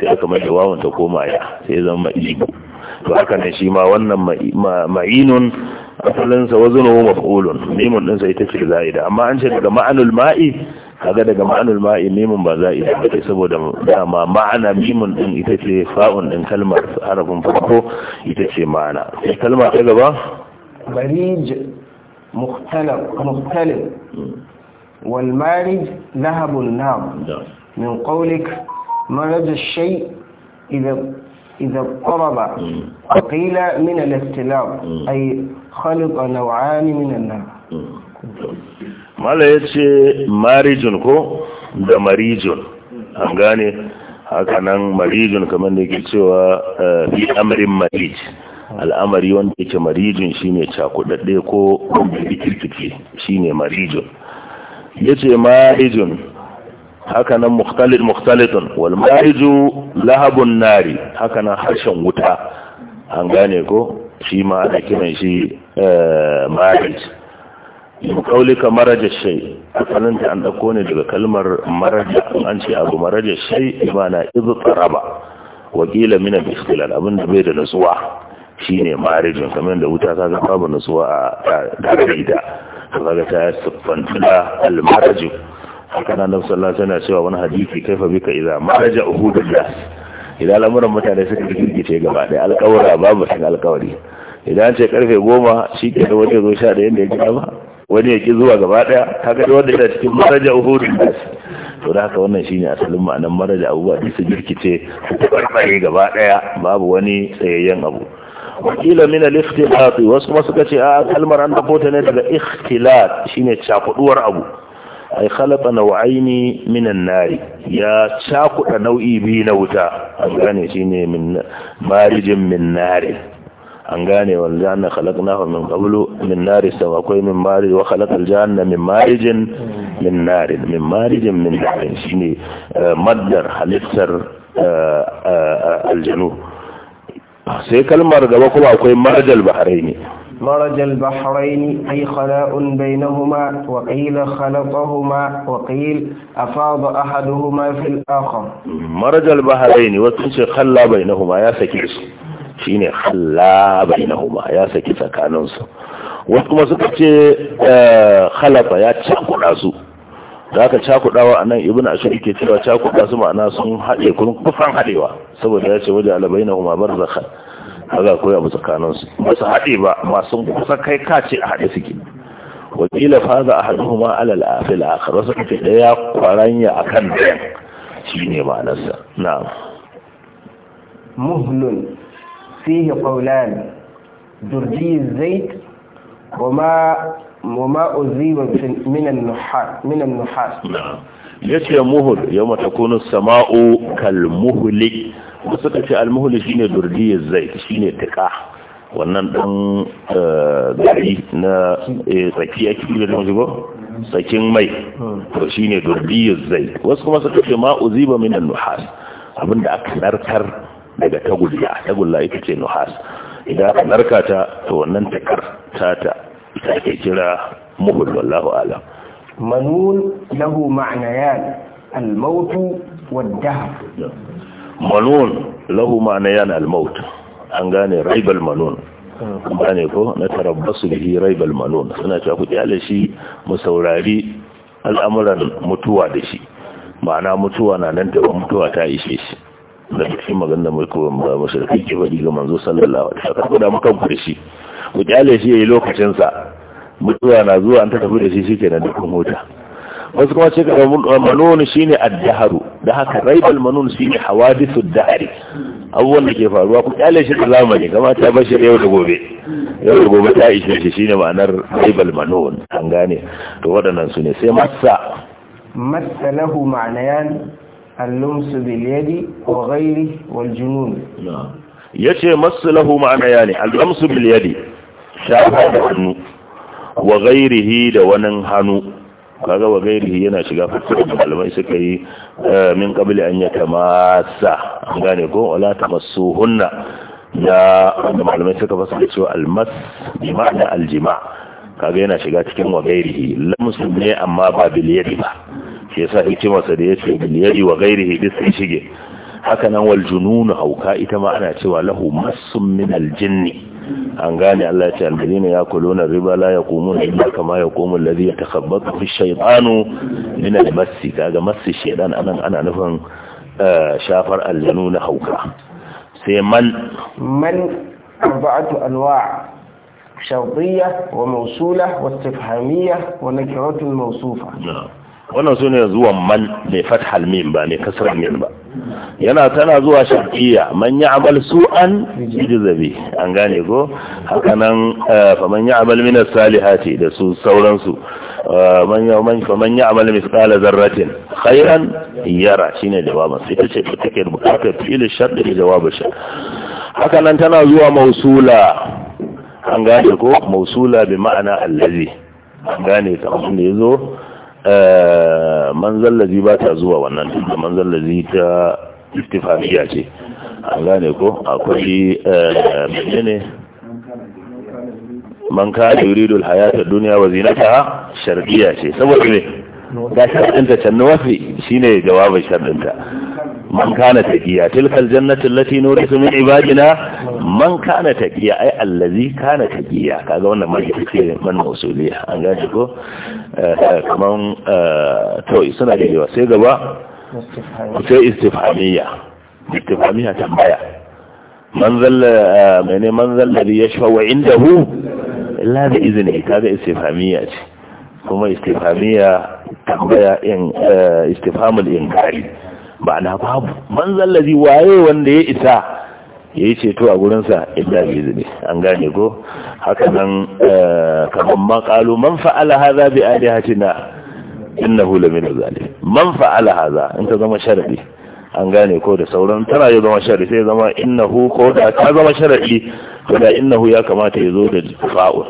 sai aka mai wawun ta koma ya sai ya zama ma'ibu to haka ne shi ma wannan ma'inun asalin sa wazunu maf'ulun mimun din sai ita ce za'ida amma an ce daga ma'anul ma'i kaga daga ma'anul ma'i mimun ba za'i a saboda dama ma'ana mimun din ita ce fa'un din kalmar harafin farko ita ce ma'ana sai kalma ta gaba barij mukhtalaf muhtalab wal marij lahabun nam min qawlik maraj ash-shay idha إذا اضطرب وقيل من الاختلاف أي خلط نوعان من النار mala ya ce marijin ko da marijin an gane hakanan marijin kamar da ke cewa eh, fi amarin marij al'amari wanda yake marijin shine cakudadde ko shi shine marijin ya ce marijin hakanan mukhtalit mukhtalitun wal mariju lahabun nari hakanan harshen wuta an gane ko shi ma ana kiran shi eh, marij kaulika maraja shai asalin da an dauko ne daga kalmar maraja an ce abu maraja shai imana izu tsaraba wakila mina biskilal abinda bai da nutsuwa shine marajin kamar da wuta kaga babu nasuwa a tare da ita kaga ta siffanta da almarajin haka nan da sallallahu cewa wani hadisi kaifa bika idza maraja uhudun nas idan lamuran mutane suka girgice gaba ɗaya alkawara babu sun alƙawari idan ce karfe goma shi ke da wata zo sha da yadda ya gida ba wani ya ki zuwa gaba daya kaga ga wanda yana cikin maraja uhudin to da haka wannan shine asalin ma'anar maraja abubuwa da su jirkice kuma mai gaba daya babu wani tsayayyen abu wakila min al-ikhtilat wasu ma suka ce a kalmar an dafo ta ne daga ikhtilat shine chakuduwar abu Ai khalaqa naw'aini min an nar ya chakuda nau'i biyu na wuta an gane shine min marijin min nari an gane wal janna khalaqnahu min qablu min nari sawa akwai min marij wa khalaqal janna min marijin min nari min marijin min nari shine maddar halittar aljanu sai kalmar gaba kuma akwai marjal bahraini مرج البحرين أي خلاء بينهما وقيل خلقهما وقيل أفاض أحدهما في الآخر مرج البحرين وتنشي خلا بينهما يا سكيس Shi shine na bainahuma ya saki tsakaninsu wasu kuma suka ce eh, khalafa ya cakuɗa su da aka cakuɗawa a nan ibn ashir ke cewa cakuɗa su ma'ana sun haɗe kun kufan haɗewa saboda ya ce waje alabai na huma bar zaka haka koya mu tsakaninsu ba su haɗe ba masu kusa kai kace a haɗe suke wakila za a haɗu huma alal afil akhar wasu kace ɗaya kwaranya akan ɗayan ne ma'anarsa na muhlun fihi qawlan durji zait kuma وما أذيب من النحاس من النحاس نعم yace muhul yawma takunu sama'u kal muhli suka shine durdiy shine wannan ɗan gari na tsakiya da sakin mai to shine durdiy zai wasu kuma suka ce ma uziba minan nuhas abinda aka narkar daga tagulla tagulla ita ce nuhas idan aka narka ta to wannan takar ta ita ke kira muhul wallahu alam manun lahu ma'nayan al-maut wad-dahr manun lahu ma'nayan al-maut an gane raibal manun gane ko na tarabbasu bihi raibal manun suna cewa ku kyale shi mu saurari al'amuran mutuwa da shi ma'ana mutuwa na nan da mutuwa ta ishe shi da cikin magan da mulku ba musulmi ke bari ga manzo sallallahu alaihi wasallam ku da mukan ku da shi ku kyale shi yayi lokacin sa mutuwa na zuwa an ta tafi da shi na dukkan mota wasu kuma ce kada manun shine ad-dahru da haka raibal manun shine hawadithu ad-dahri abubuwan da ke faruwa ku kyale shi da zamani kama ta bashi yau da gobe yau da gobe ta ishe shi shine ma'anar raibal manun an gane to waɗannan su ne sai massa massa lahu ma'anayan allumsu باليد وغيره والجنون يشي مس له yace يعني lahu باليد yani allumsu bil da hannu wa da wani hannu kaga wa yana shiga fasirin malamai suka yi min kabili an ya tamasa an gane ko wala hunna da malamai suka fasa da cewa almas jima'a da aljima kaga yana shiga cikin wa lamsu ne amma ba biliyadi ba sa ita masa da yace bil yadi wa ghairihi bis shige haka nan wal junun hauka ita ma ana cewa lahu masum min al jinn an gane Allah ya ce ya kuluna riba la yaqumuna illa kama yaqumu alladhi yatakhabbathu fi shaytanu min al-mass kaga mass shaytan anan ana nufin eh, shafar aljanu na hauka sai man man arba'atu anwa' شرطية wa واستفهامية ونكرات موصوفة wa wannan su ne zuwan man mai fathal min ba mai kasar min ba yana tana zuwa shafiya man yi amal su'an jizabi an gane ko haka nan eh, fa man yi amal min salihati da su sauransu eh, man man fa man yi amal tsala zarratin khairan yara ne jawabin sai tace take bukatar filin shart da jawabin shi haka nan tana zuwa mausula an gane ko mausula bi ma'ana allazi an gane kamar ya zo Eh, lazi ba ta zuwa wannan duk da lazi ta istifafiya ce an gane ko akwai eh, ne man ka yuridul hayata duniya wa zinata shar'iyya ce saboda ne ga dinta can nuwafi shine jawabin sharɗinta man kana taqiya tilka aljannatu allati nurisu min ibadina man kana taqiya ai allazi kana taqiya kaga wannan mai tafsiri man mausuliya an gaji ko eh, eh, kaman eh, to suna da yawa sai gaba sai istifhamiya istifhamiya tambaya man zalla mene man zalla bi yashfa indahu illa bi izni kaga istifhamiya ce kuma istifhamiya tambaya in istifhamul inkari ba na babu man zallazi waye wanda ya isa ya yi ceto a gurinsa inda bi izini an gane ko haka nan eh, kamar makalu man fa'ala haza bi alihatina innahu min zalim man fa'ala haza in ta zama sharadi an gane ko da sauran tana ya zama sharadi sai zama innahu ko da ta zama sharadi to da innahu ya kamata ya zo da Ko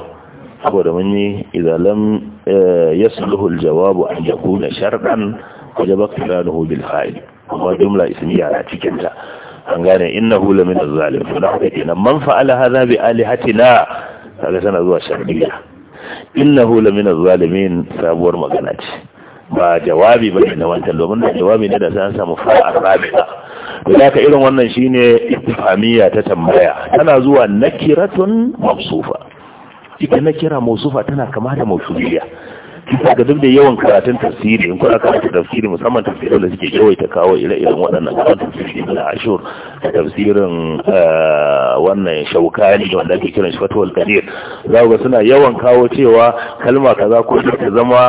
saboda mun yi idalam eh, ya sulhul jawabu an yakuna sharɗan wajaba bakta ranuhu bil fa'il amma jumla ismiya na cikin ta an gane innahu lamin az-zalim to da haka kenan man fa'ala hadha bi alihatina kaga sana zuwa shar'iyya innahu lamin az-zalimin sabuwar magana ce ba jawabi ba na wancan domin da jawabi ne da sai samu fa'a rabi'a da ka irin wannan shine istifhamiyya ta tambaya tana zuwa nakiratun mawsufa ita nakira mawsufa tana kama da mawsufiyya kisa ga duk da yawan karatun tafsiri in kuna karatun tafsiri musamman tafsirin da suke ta kawo ire-iren waɗannan karatun tafsiri na ashur da tafsirin eh, wannan shaukani wanda ake kiran shafatu fatawal za za ga suna yawan kawo cewa kalma kaza ko ta zama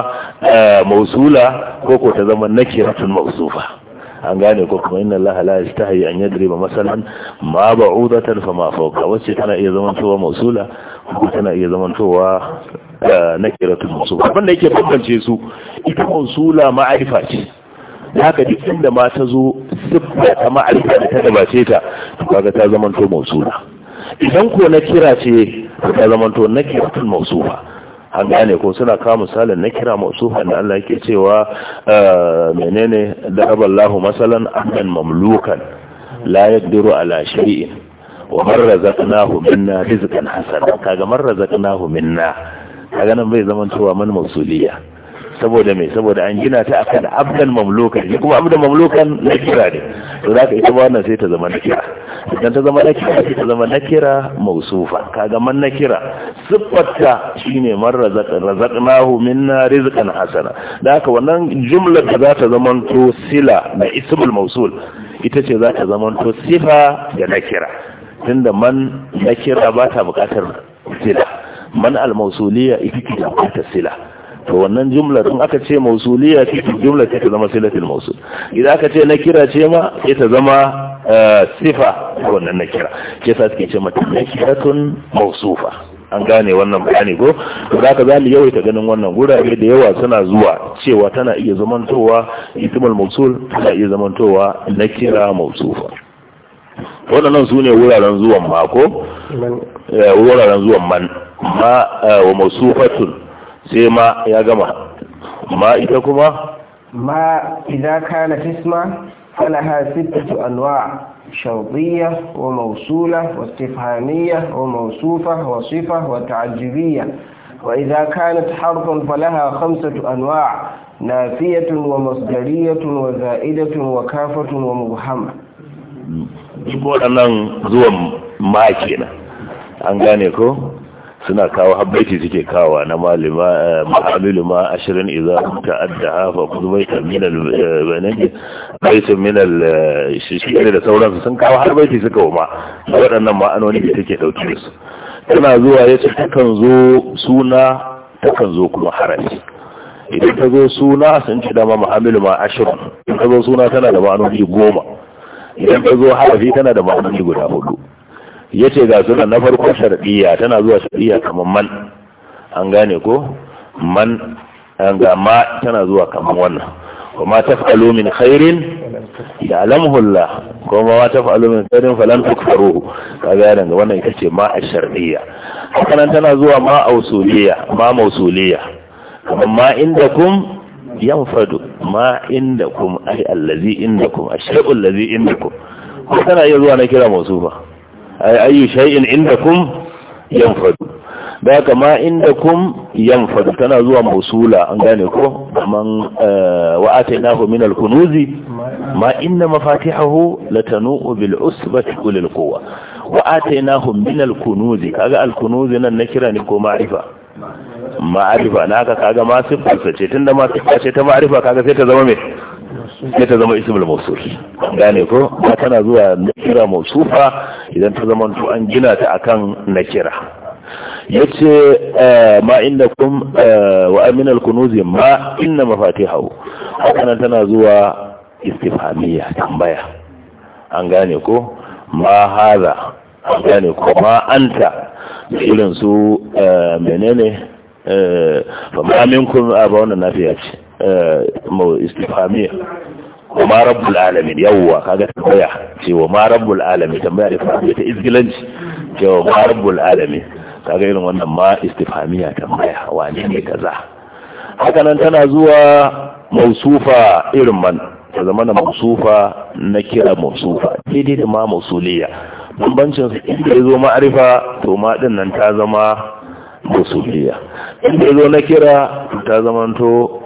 eh, mausula ko ko ta zama nakiratun mausufa an gane ko kuma inna allaha la yastahi an yadriba masalan ma ba'udatan ma fawqa wacce tana iya zaman tuwa mausula tana iya zamantowa eh, na kiratun musul abinda yake bambance su ita konsula ma'arifa ce da haka duk inda ma ta zo siffa ta ma'arifa da ta gabace ta kaga ta zamanto mausula idan ko na kira ce ta zamanto na kiratun mausufa an gane ko suna kawo misalin na kira mausufa da Allah yake cewa eh, menene da raballahu masalan amman mamlukan la yaqdiru ala shay'in wa man razaqnahu minna rizqan hasana kaga man razaqnahu minna kaga nan bai zaman cewa man masuliya. saboda me saboda an gina ta akan abdan mamlukan shi kuma abdan mamlukan na kira ne to zaka ita ba wannan sai ta zama na kira idan ta zama na kira ta zama na kira mausufa kaga man na kira siffarta shine man razaqan razaqnahu minna rizqan hasana da haka wannan jumla da za ta zama to sila na ismul mausul ita ce za ta zama to sifa da na kira tunda man na kira ba ta bukatar sila man al-mausuliya ita ke bukatar sila to wannan jumlar in aka ce mausuliya ce jumla ce ta zama silatul mausul idan aka ce na kira ce ma sai ta zama eh, sifa ta wannan na kira ke sa suke ce mata na kira tun mausufa an gane wannan bayani ko to zaka za mu yawaita ganin wannan gurare da yawa suna zuwa cewa tana iya zamantowa itimul mausul tana iya zamantowa na nakira mausufa waɗannan su ne wuraren zuwan mako wuraren zuwan man ma eh, wa masu fatul sai ma ya gama ma ita kuma ma idan kana tisma ana haifita su anwa shawdiyya wa mausula wa stifaniya wa mausufa wa sifa wa ta'ajiriya wa idan kana harfin falaha hamsa su anwa tun wa tun wa za'idatun wa kafatun wa muhammad hmm. duk waɗannan zuwan ma kenan an gane ko suna kawo habbaiti suke kawo na malima eh, ma'amilu ma ashirin idza ta'adda hafa kuma min al-banani eh, baitu min eh, shi da sauransu sun kawo habbaiti suka wa ma waɗannan ma'anoni da take dauke da su tana zuwa ce takan zo suna takan zo kuma harafi idan ta zo suna sun ci dama ma'amilu ma ashirin idan ta zo suna tana da ma'anoni goma idan ta zo harafi tana da ma'anoni guda hudu yace ga suna na farko shar'iyya tana zuwa shar'iyya kamar man an gane ko man an ga ma tana zuwa kamar wannan wa ma taf'alu min khairin ya'lamuhu Allah ko ma taf'alu min khairin falan tukfaruhu kaga ya danga wannan ita ce ma ash-shar'iyya hakanan tana zuwa ma ausuliyya ma mausuliyya kamar ma indakum yanfadu ma kum ai allazi indakum ashrabu allazi kum ko kana iya zuwa na kira mausufa ai ayu shay'in indakum yanfadu da haka ma yan yanfadu tana zuwa mausula an gane ko man eh, wa atainahu min al-kunuzi ma inna mafatihahu latanu bil usbati ulil quwwa wa atainahu min al-kunuzi kaga al-kunuzi nan na kira ne ko ma'rifa ma'arifa na haka kaga ma siffarsa ce tunda ma siffa ce ta ma'arifa kaga sai ta zama me sai ta zama ismul mawsul gane ko ba tana zuwa nakira mawsufa idan ta zama to an gina ta akan nakira yace eh, ma innakum eh, wa amina al-kunuz ma inna mafatihahu haka tana zuwa istifhamiya tambaya an gane ko ma hada an gane ko ma anta irin su eh, menene fama eh, minkum a ah, ba na nafiya ce eh, mu istifamiya wa ma rabbul alamin yawwa kaga tambaya ce wa ma rabbul alamin tambaya da fara ta izgilanci ce wa ma rabbul alamin kaga irin wannan ma istifamiya tambaya Wa ne ne kaza haka nan tana zuwa mausufa irin man ta zama na mausufa na kira mausufa daidai da ma mausuliya bambancin inda ya zo ma'arifa to ma din nan ta zama musulmiya inda zo na kira ta zamanto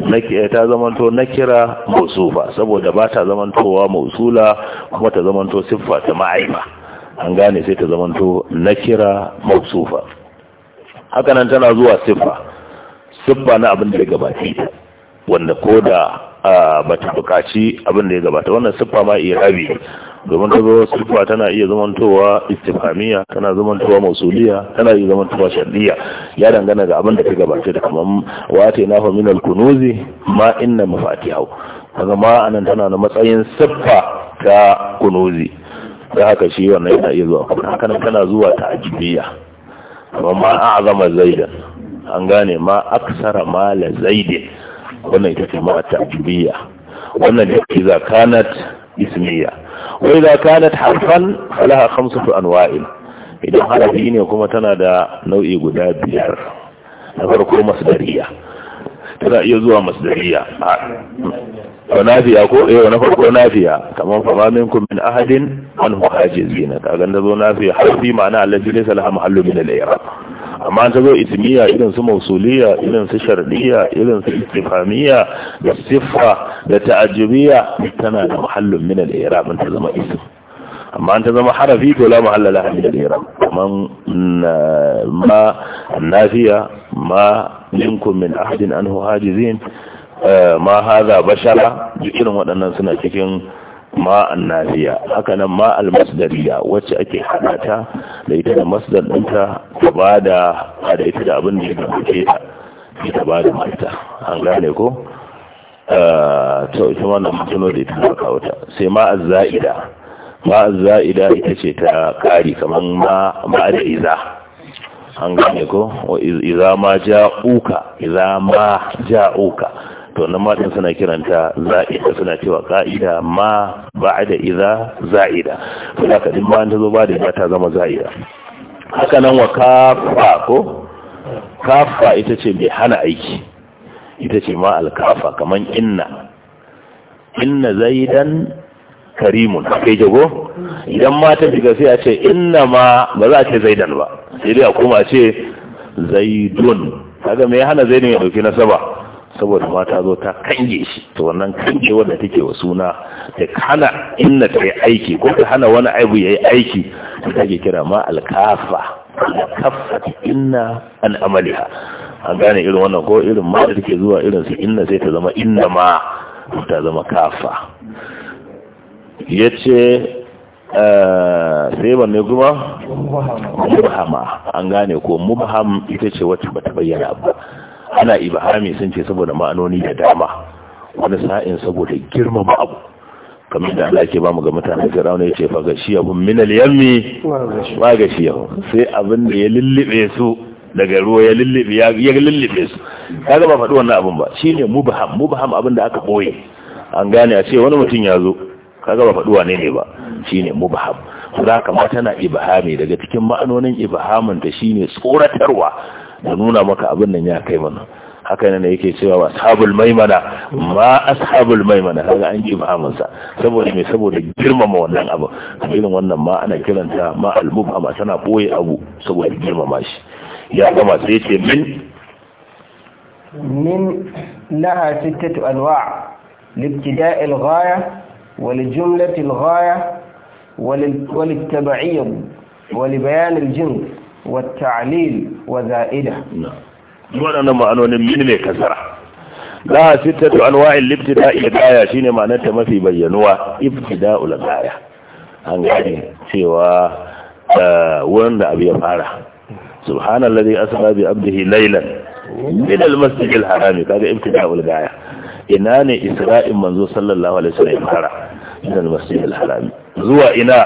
ta zamanto na kira musufa saboda ba ta zamantowa musula kuma ta zamanto siffa ta ma'aifa an gane sai ta zamanto na kira musufa haka tana zuwa siffa siffa na abin da ya gabaci wanda ko da ba ta bukaci abin da ya gabata wannan siffa ma iya rabi. domin ta zo tana iya zamantowa istifamiya tana zamantowa mausuliya tana iya zamantowa shaddiya ya dangana ga abin da ta gabata da kamar wata na faminal kunuzi ma inna hau daga ma nan tana na matsayin siffa ta kunuzi da haka shi wannan yana iya zuwa kuma haka tana zuwa ta ajibiya kuma ma a'zama zaidan an gane ma aksara ma la zaidan. wannan ita ce ma ta ajibiya wannan da ke zakanat ismiya وإذا كانت حرفا فلها خمسة أنواع إذا harafi ne kuma tana da nau'i guda biyar na farko masdariya tana iya zuwa masdariya wa nafiya ko eh na farko nafiya kaman fa ma minkum min ahadin an hajizina kaga da zo nafiya harfi amma ta zo itimiya irin su mausuliya irin su shardiya irin su istifamiya da siffa da ta'ajjubiya tana da muhallin min al-i'rab ta zama isim amma ta zama harafi to la mahalla la min al-i'rab kaman mm, ma nafiya ma minkum min ahadin anhu hajizin eh, ma hadha bashara irin waɗannan suna cikin ma'an nafiya haka nan ma'al masdariya wacce ake hada ta da ita da masdar dinta ta ba da da ita da abin da ya gabace ta ita ba da mata an gane ko ah, ta ita wannan mutuno da ita ta wata sai ma'az za'ida ma'az za'ida ita ce ta kari kamar ma'a da iza an gane ko iza ma ja'uka iza ma ja'uka to nan matan suna kiranta za'ida suna cewa ka'ida ma ba'da idza za'ida to da kadin ba ta zo ba da ta zama za'ida haka nan wa kafa ko kafa ita ce mai hana aiki ita ce ma alkafa kaman inna inna zaidan karimun kai jago idan mata shiga sai a ce inna ma ba za a ce zaidan ba sai dai a kuma ce zaidun kaga me ya hana zaidun ya dauki nasaba saboda mata zo ta kange shi to wannan kange wanda take wa suna ta hana inna ta yi aiki ko ta hana wani aibu ya yi aiki ta take kira ma alkafa alkafa inna an amaliha an gane irin wannan ko irin ma da take zuwa irin su inna sai ta zama inna ma ta zama kafa ya ce eh, sai ban ne kuma mubhama an gane ko mubham ita ce wacce bata bayyana ba ana ibahami sun ce saboda ma'anoni da dama wani sa'in saboda girmama abu kamar da Allah ke ba mu ga rauna ya ce fa gashiyahum min al-yammi shi gashiyahum sai abin da ya lullube su daga ruwa ya lullube ya lullube su kaga ba faɗi wannan abin ba shine mubham mubham abin da aka boye an gane a ce wani mutum ya zo kaga ba faɗi wane ne ba shine mubham su da kamata tana ibahami daga cikin ma'anonin ibahamanta shi shine tsoratarwa da nuna maka abin nan ya kai mana haka ne yake cewa ba ashabul maimana ma ashabul maimana kaga an ji bahamin sa saboda me saboda girmama wannan abu irin wannan ma ana kiranta ma al-mubhama tana boye abu saboda girmama shi ya kama sai ce min min laha sittatu anwa' لابتداء الغاية ولجملة الغاية bayan al الجنس wa ta'lil wa za'ida waɗannan ma'anonin min ne kasara laha sittatu anwa'il libtida'i kaya shine ma'anar ta mafi bayyanuwa ibtida'ul gaya an gane cewa wurin da abu ya fara subhanallazi asra bi abdihi laylan min almasjidil harami kaga ibtida'ul gaya ina ne isra'in manzo sallallahu alaihi wasallam fara harami zuwa ina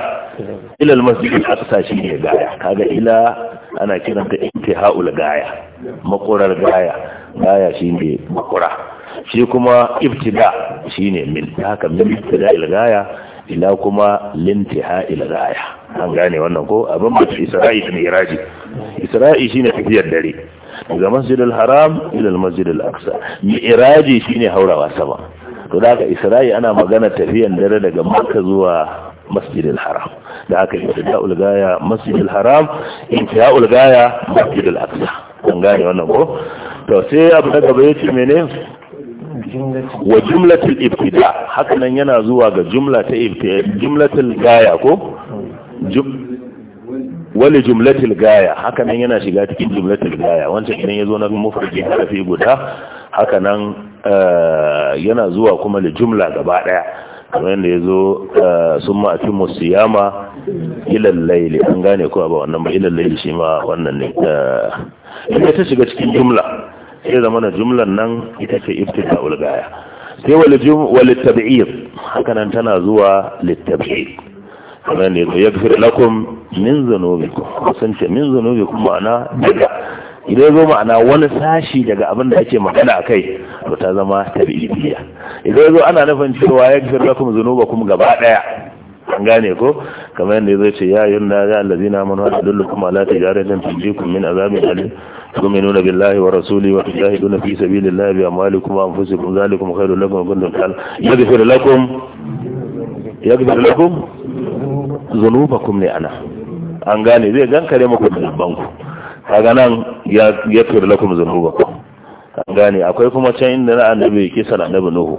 ilal masjidin aqsa shi ne gaya kaga ila ana kiranta intihaul gaya makurar gaya gaya shi ne makura shi kuma ibtida shi ne min haka min ibtida il gaya ila kuma lintiha il gaya an gane wannan ko abin mutu isra'i da miraji isra'i shine tafiyar dare daga masjidil haram ila masjidil aksa. miraji shine haurawa sama to da isra'i ana magana tafiyar dare daga makka zuwa masjidil haram da aka yi da ulgaya masjidil haram in ya ulgaya masjidil aqsa an gane wannan ko to sai abu na gaba yace mene wa al ibtida hakan yana zuwa ga jumla ta ibtida al gaya ko wali jumlatul gaya haka yana shiga cikin jumlatul gaya wancan idan yazo na da fi guda hakanan eh, yana zuwa kuma da jumla gaba daya kamar yadda ya zo eh, sun ma fi musiyama ilal laili an gane kuma ba wannan ba ilal laili shi ma wannan ne eh, ita ta shiga cikin jumla sai zama na jumlan nan ita ce iftita ulgaya sai wali tabi'ir hakanan tana zuwa littabi'ir kamar yadda ya zo ya gafir lakum min zanobi sun ce min zanubikum ma'ana daga idan zo ma'ana wani sashi daga abin da ake magana a kai to ta zama tabi'iyya idan zo ana nufin cewa ya gafir lakum zunubakum gaba daya an gane ko kamar yadda zai ce ya yi na ga allazina amanu wa adullukum ala tijaratin tunjikum min azabin alim tu'minuna billahi wa rasuli wa tujahiduna fi sabilillahi bi amwalikum wa anfusikum zalikum khairul lakum kuntum Ya yaghfir lakum yaghfir lakum zunubakum ne ana an gane zai gankare muku zunubanku kaga nan ya ya tura lakum zunubakum an gane akwai kuma can inda na annabi yake san annabi nuhu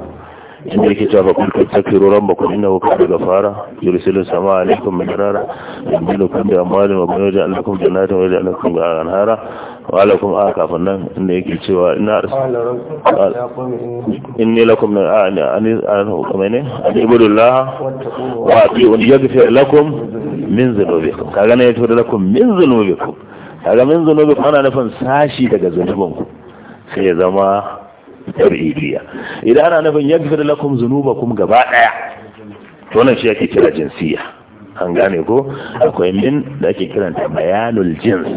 inda yake cewa kun tattakiru rabbakum innahu kana ghafara yursilu samaa alaykum midrara yamdilukum bi amwalin wa yaj'al alaikum jannatin wa yaj'al lakum anhara wa a akafan nan inda yake cewa inna inni lakum min a'ani anhu kuma ne ibudullah wa ati'u yaghfir lakum min zunubikum kaga ne tura lakum min zunubikum daga min zunubin ana nufin sashi daga zunubin ku sai ya zama tar'iliya idan ana nufin fi lakum zunubakum gaba daya to wannan shi ake kira jinsiya an gane ko akwai min da ake kiranta bayanul jins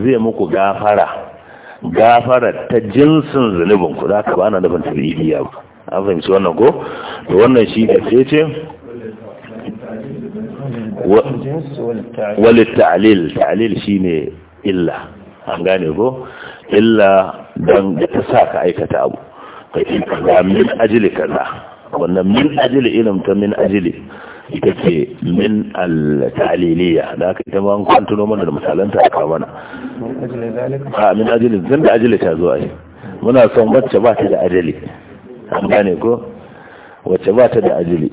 zai muku gafara gafara ta jinsin zunubin ku da ka ba na nufin tar'iliya ba an fahimci wannan ko to wannan shi da ce ce wal ta'lil ta'lil shine illa an gane ko illa don da ta sa ka aikata abu ka ce min ajili kaza wannan min ajili ilm ta min ajili ita ce min al-ta'liliya da aka ita ma kwantuno mana da ta aka mana ha min ajili zan da ajili ta zo ai muna son wacce ba ta da ajili an gane ko wacce ba ta da ajili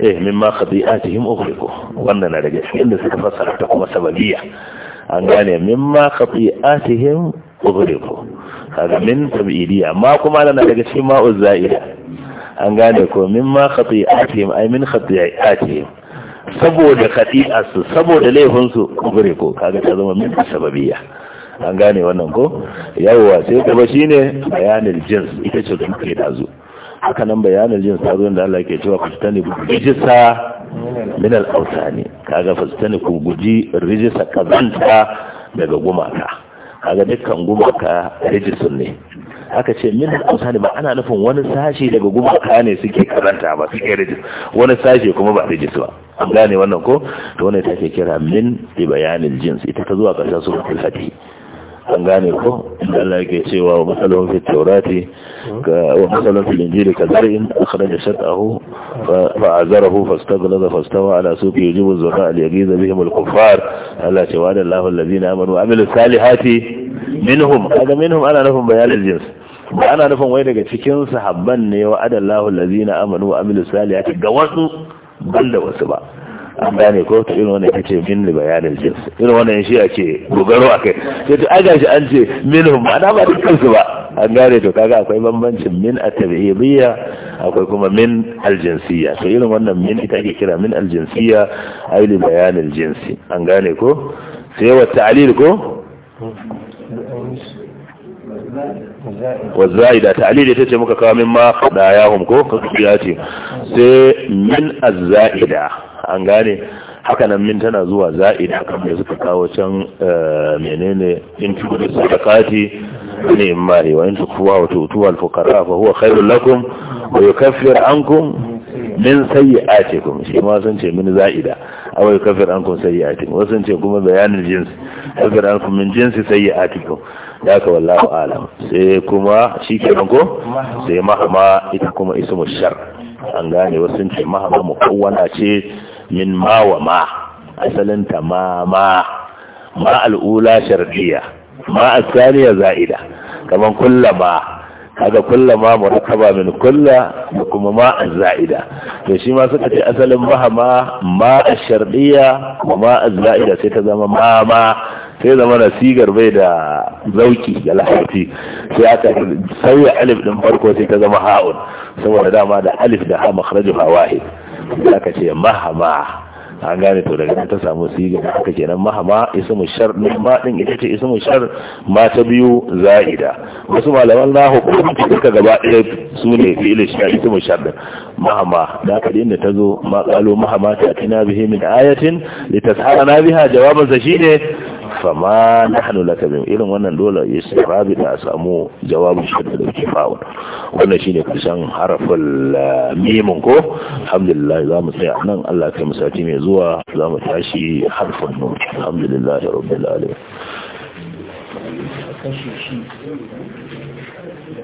eh mimma khati'atihim ughriqu wannan na daga cikin da suka fassara ta kuma sabaliya an gane mimma khati'atihim ughriqu kaga min tabidiyya ma kuma nan daga cikin ma'u za'ida an gane ko mimma khati'atihim ay min khati'atihim saboda khati'arsu saboda laifin su ughriqu kaga ta zama min sababiyya an gane wannan ko yawwa sai gaba shine bayanin jins ita ce da muke dazu haka nan bayanin jin saruwan da Allah ke cewa fustani rijisa min al-awsani kaga fustani ku guji rijisa kazanta daga gumaka kaga dukkan gumaka rijisun ne aka ce min al-awsani ba ana nufin wani sashi daga gumaka ne suke kazanta ba suke rijis wani sashi kuma ba rijis ba an gane wannan ko to wannan take kira min bi bayanin jins ita ta zuwa karshen al fatih an gane ko inda Allah yake cewa masalahun fi tawrati ومثلا في الإنجيل كزرع أخرج شطأه فأعزره فاستغلظ فاستوى على سوق يجيب الزراء ليجيز بهم الكفار ألا شوال الله الذين آمنوا وعملوا الصالحات منهم هذا منهم أنا لهم بيان الجنس ba ana nufin wai daga cikin sahabban ne wa adallahu allazina amanu wa amilus salihati ga wasu banda wasu ba an gane ko ta irin wannan ce min li bayanin jinsi irin wannan shi ake dogaro akai sai to aga shi an ce minhum ana ba dukkan su ba an gane to kaga akwai bambancin min at-tabi'iyya akwai kuma min al-jinsiyya to irin wannan min ita ake kira min al-jinsiyya ay li bayanin jinsi an gane ko sai wa ta'lil ko والزائدة تعليل kawo min كامل ما خداياهم كو كو كو sai min الزائدة an gane hakanan min tana zuwa za'id hakan ne suka kawo can eh, menene in da sadaqati ne mari wa in tukuwa wa tutuwa al-fuqara fa huwa khairul lakum wa yukaffir ankum min sayi'atikum shi ma sun ce min za'ida aw yukaffir ankum wa sun ce kuma bayanin jins yukaffir ankum min jinsi sayi'atikum da ka wallahu alam sai kuma shi ke ko sai mahama ita kuma ismu shar an gane wasu ce mahama mukawwana ce من ما وما أسلنت ما ما ما الأولى شرقية ما الثانية زائدة كما كل ما هذا كل ما مركبة من كل ما الزائدة لشي ما سكت أسل ما ما ما الشرقية وما الزائدة ستزم ما ما sai zama na sigar bai da zauki da lahafi sai aka sauya alif din farko sai ta zama ha'un saboda dama da alif Da aka ce mahama an gane to daga ta samu aka ce kenan mahama ismu shar ma din ita ce ismu shar ma ta biyu zaida wasu malaman lahu suka gaba ɗaya su ne fi'il shar ismu shar din mahama da aka dinda ta zo ma qalu mahama ta tina bihi min ayatin na biha jawaban sa shine fama hannu laka bi irin wannan dole ya rabi da samu jawabin shi da kifa'un wannan shine kusan harafin eh, mimin ko alhamdulillah mu tsaya nan Allah kai mu sati mai zuwa Za mu tashi harfin nuna alhamdulillah da alamin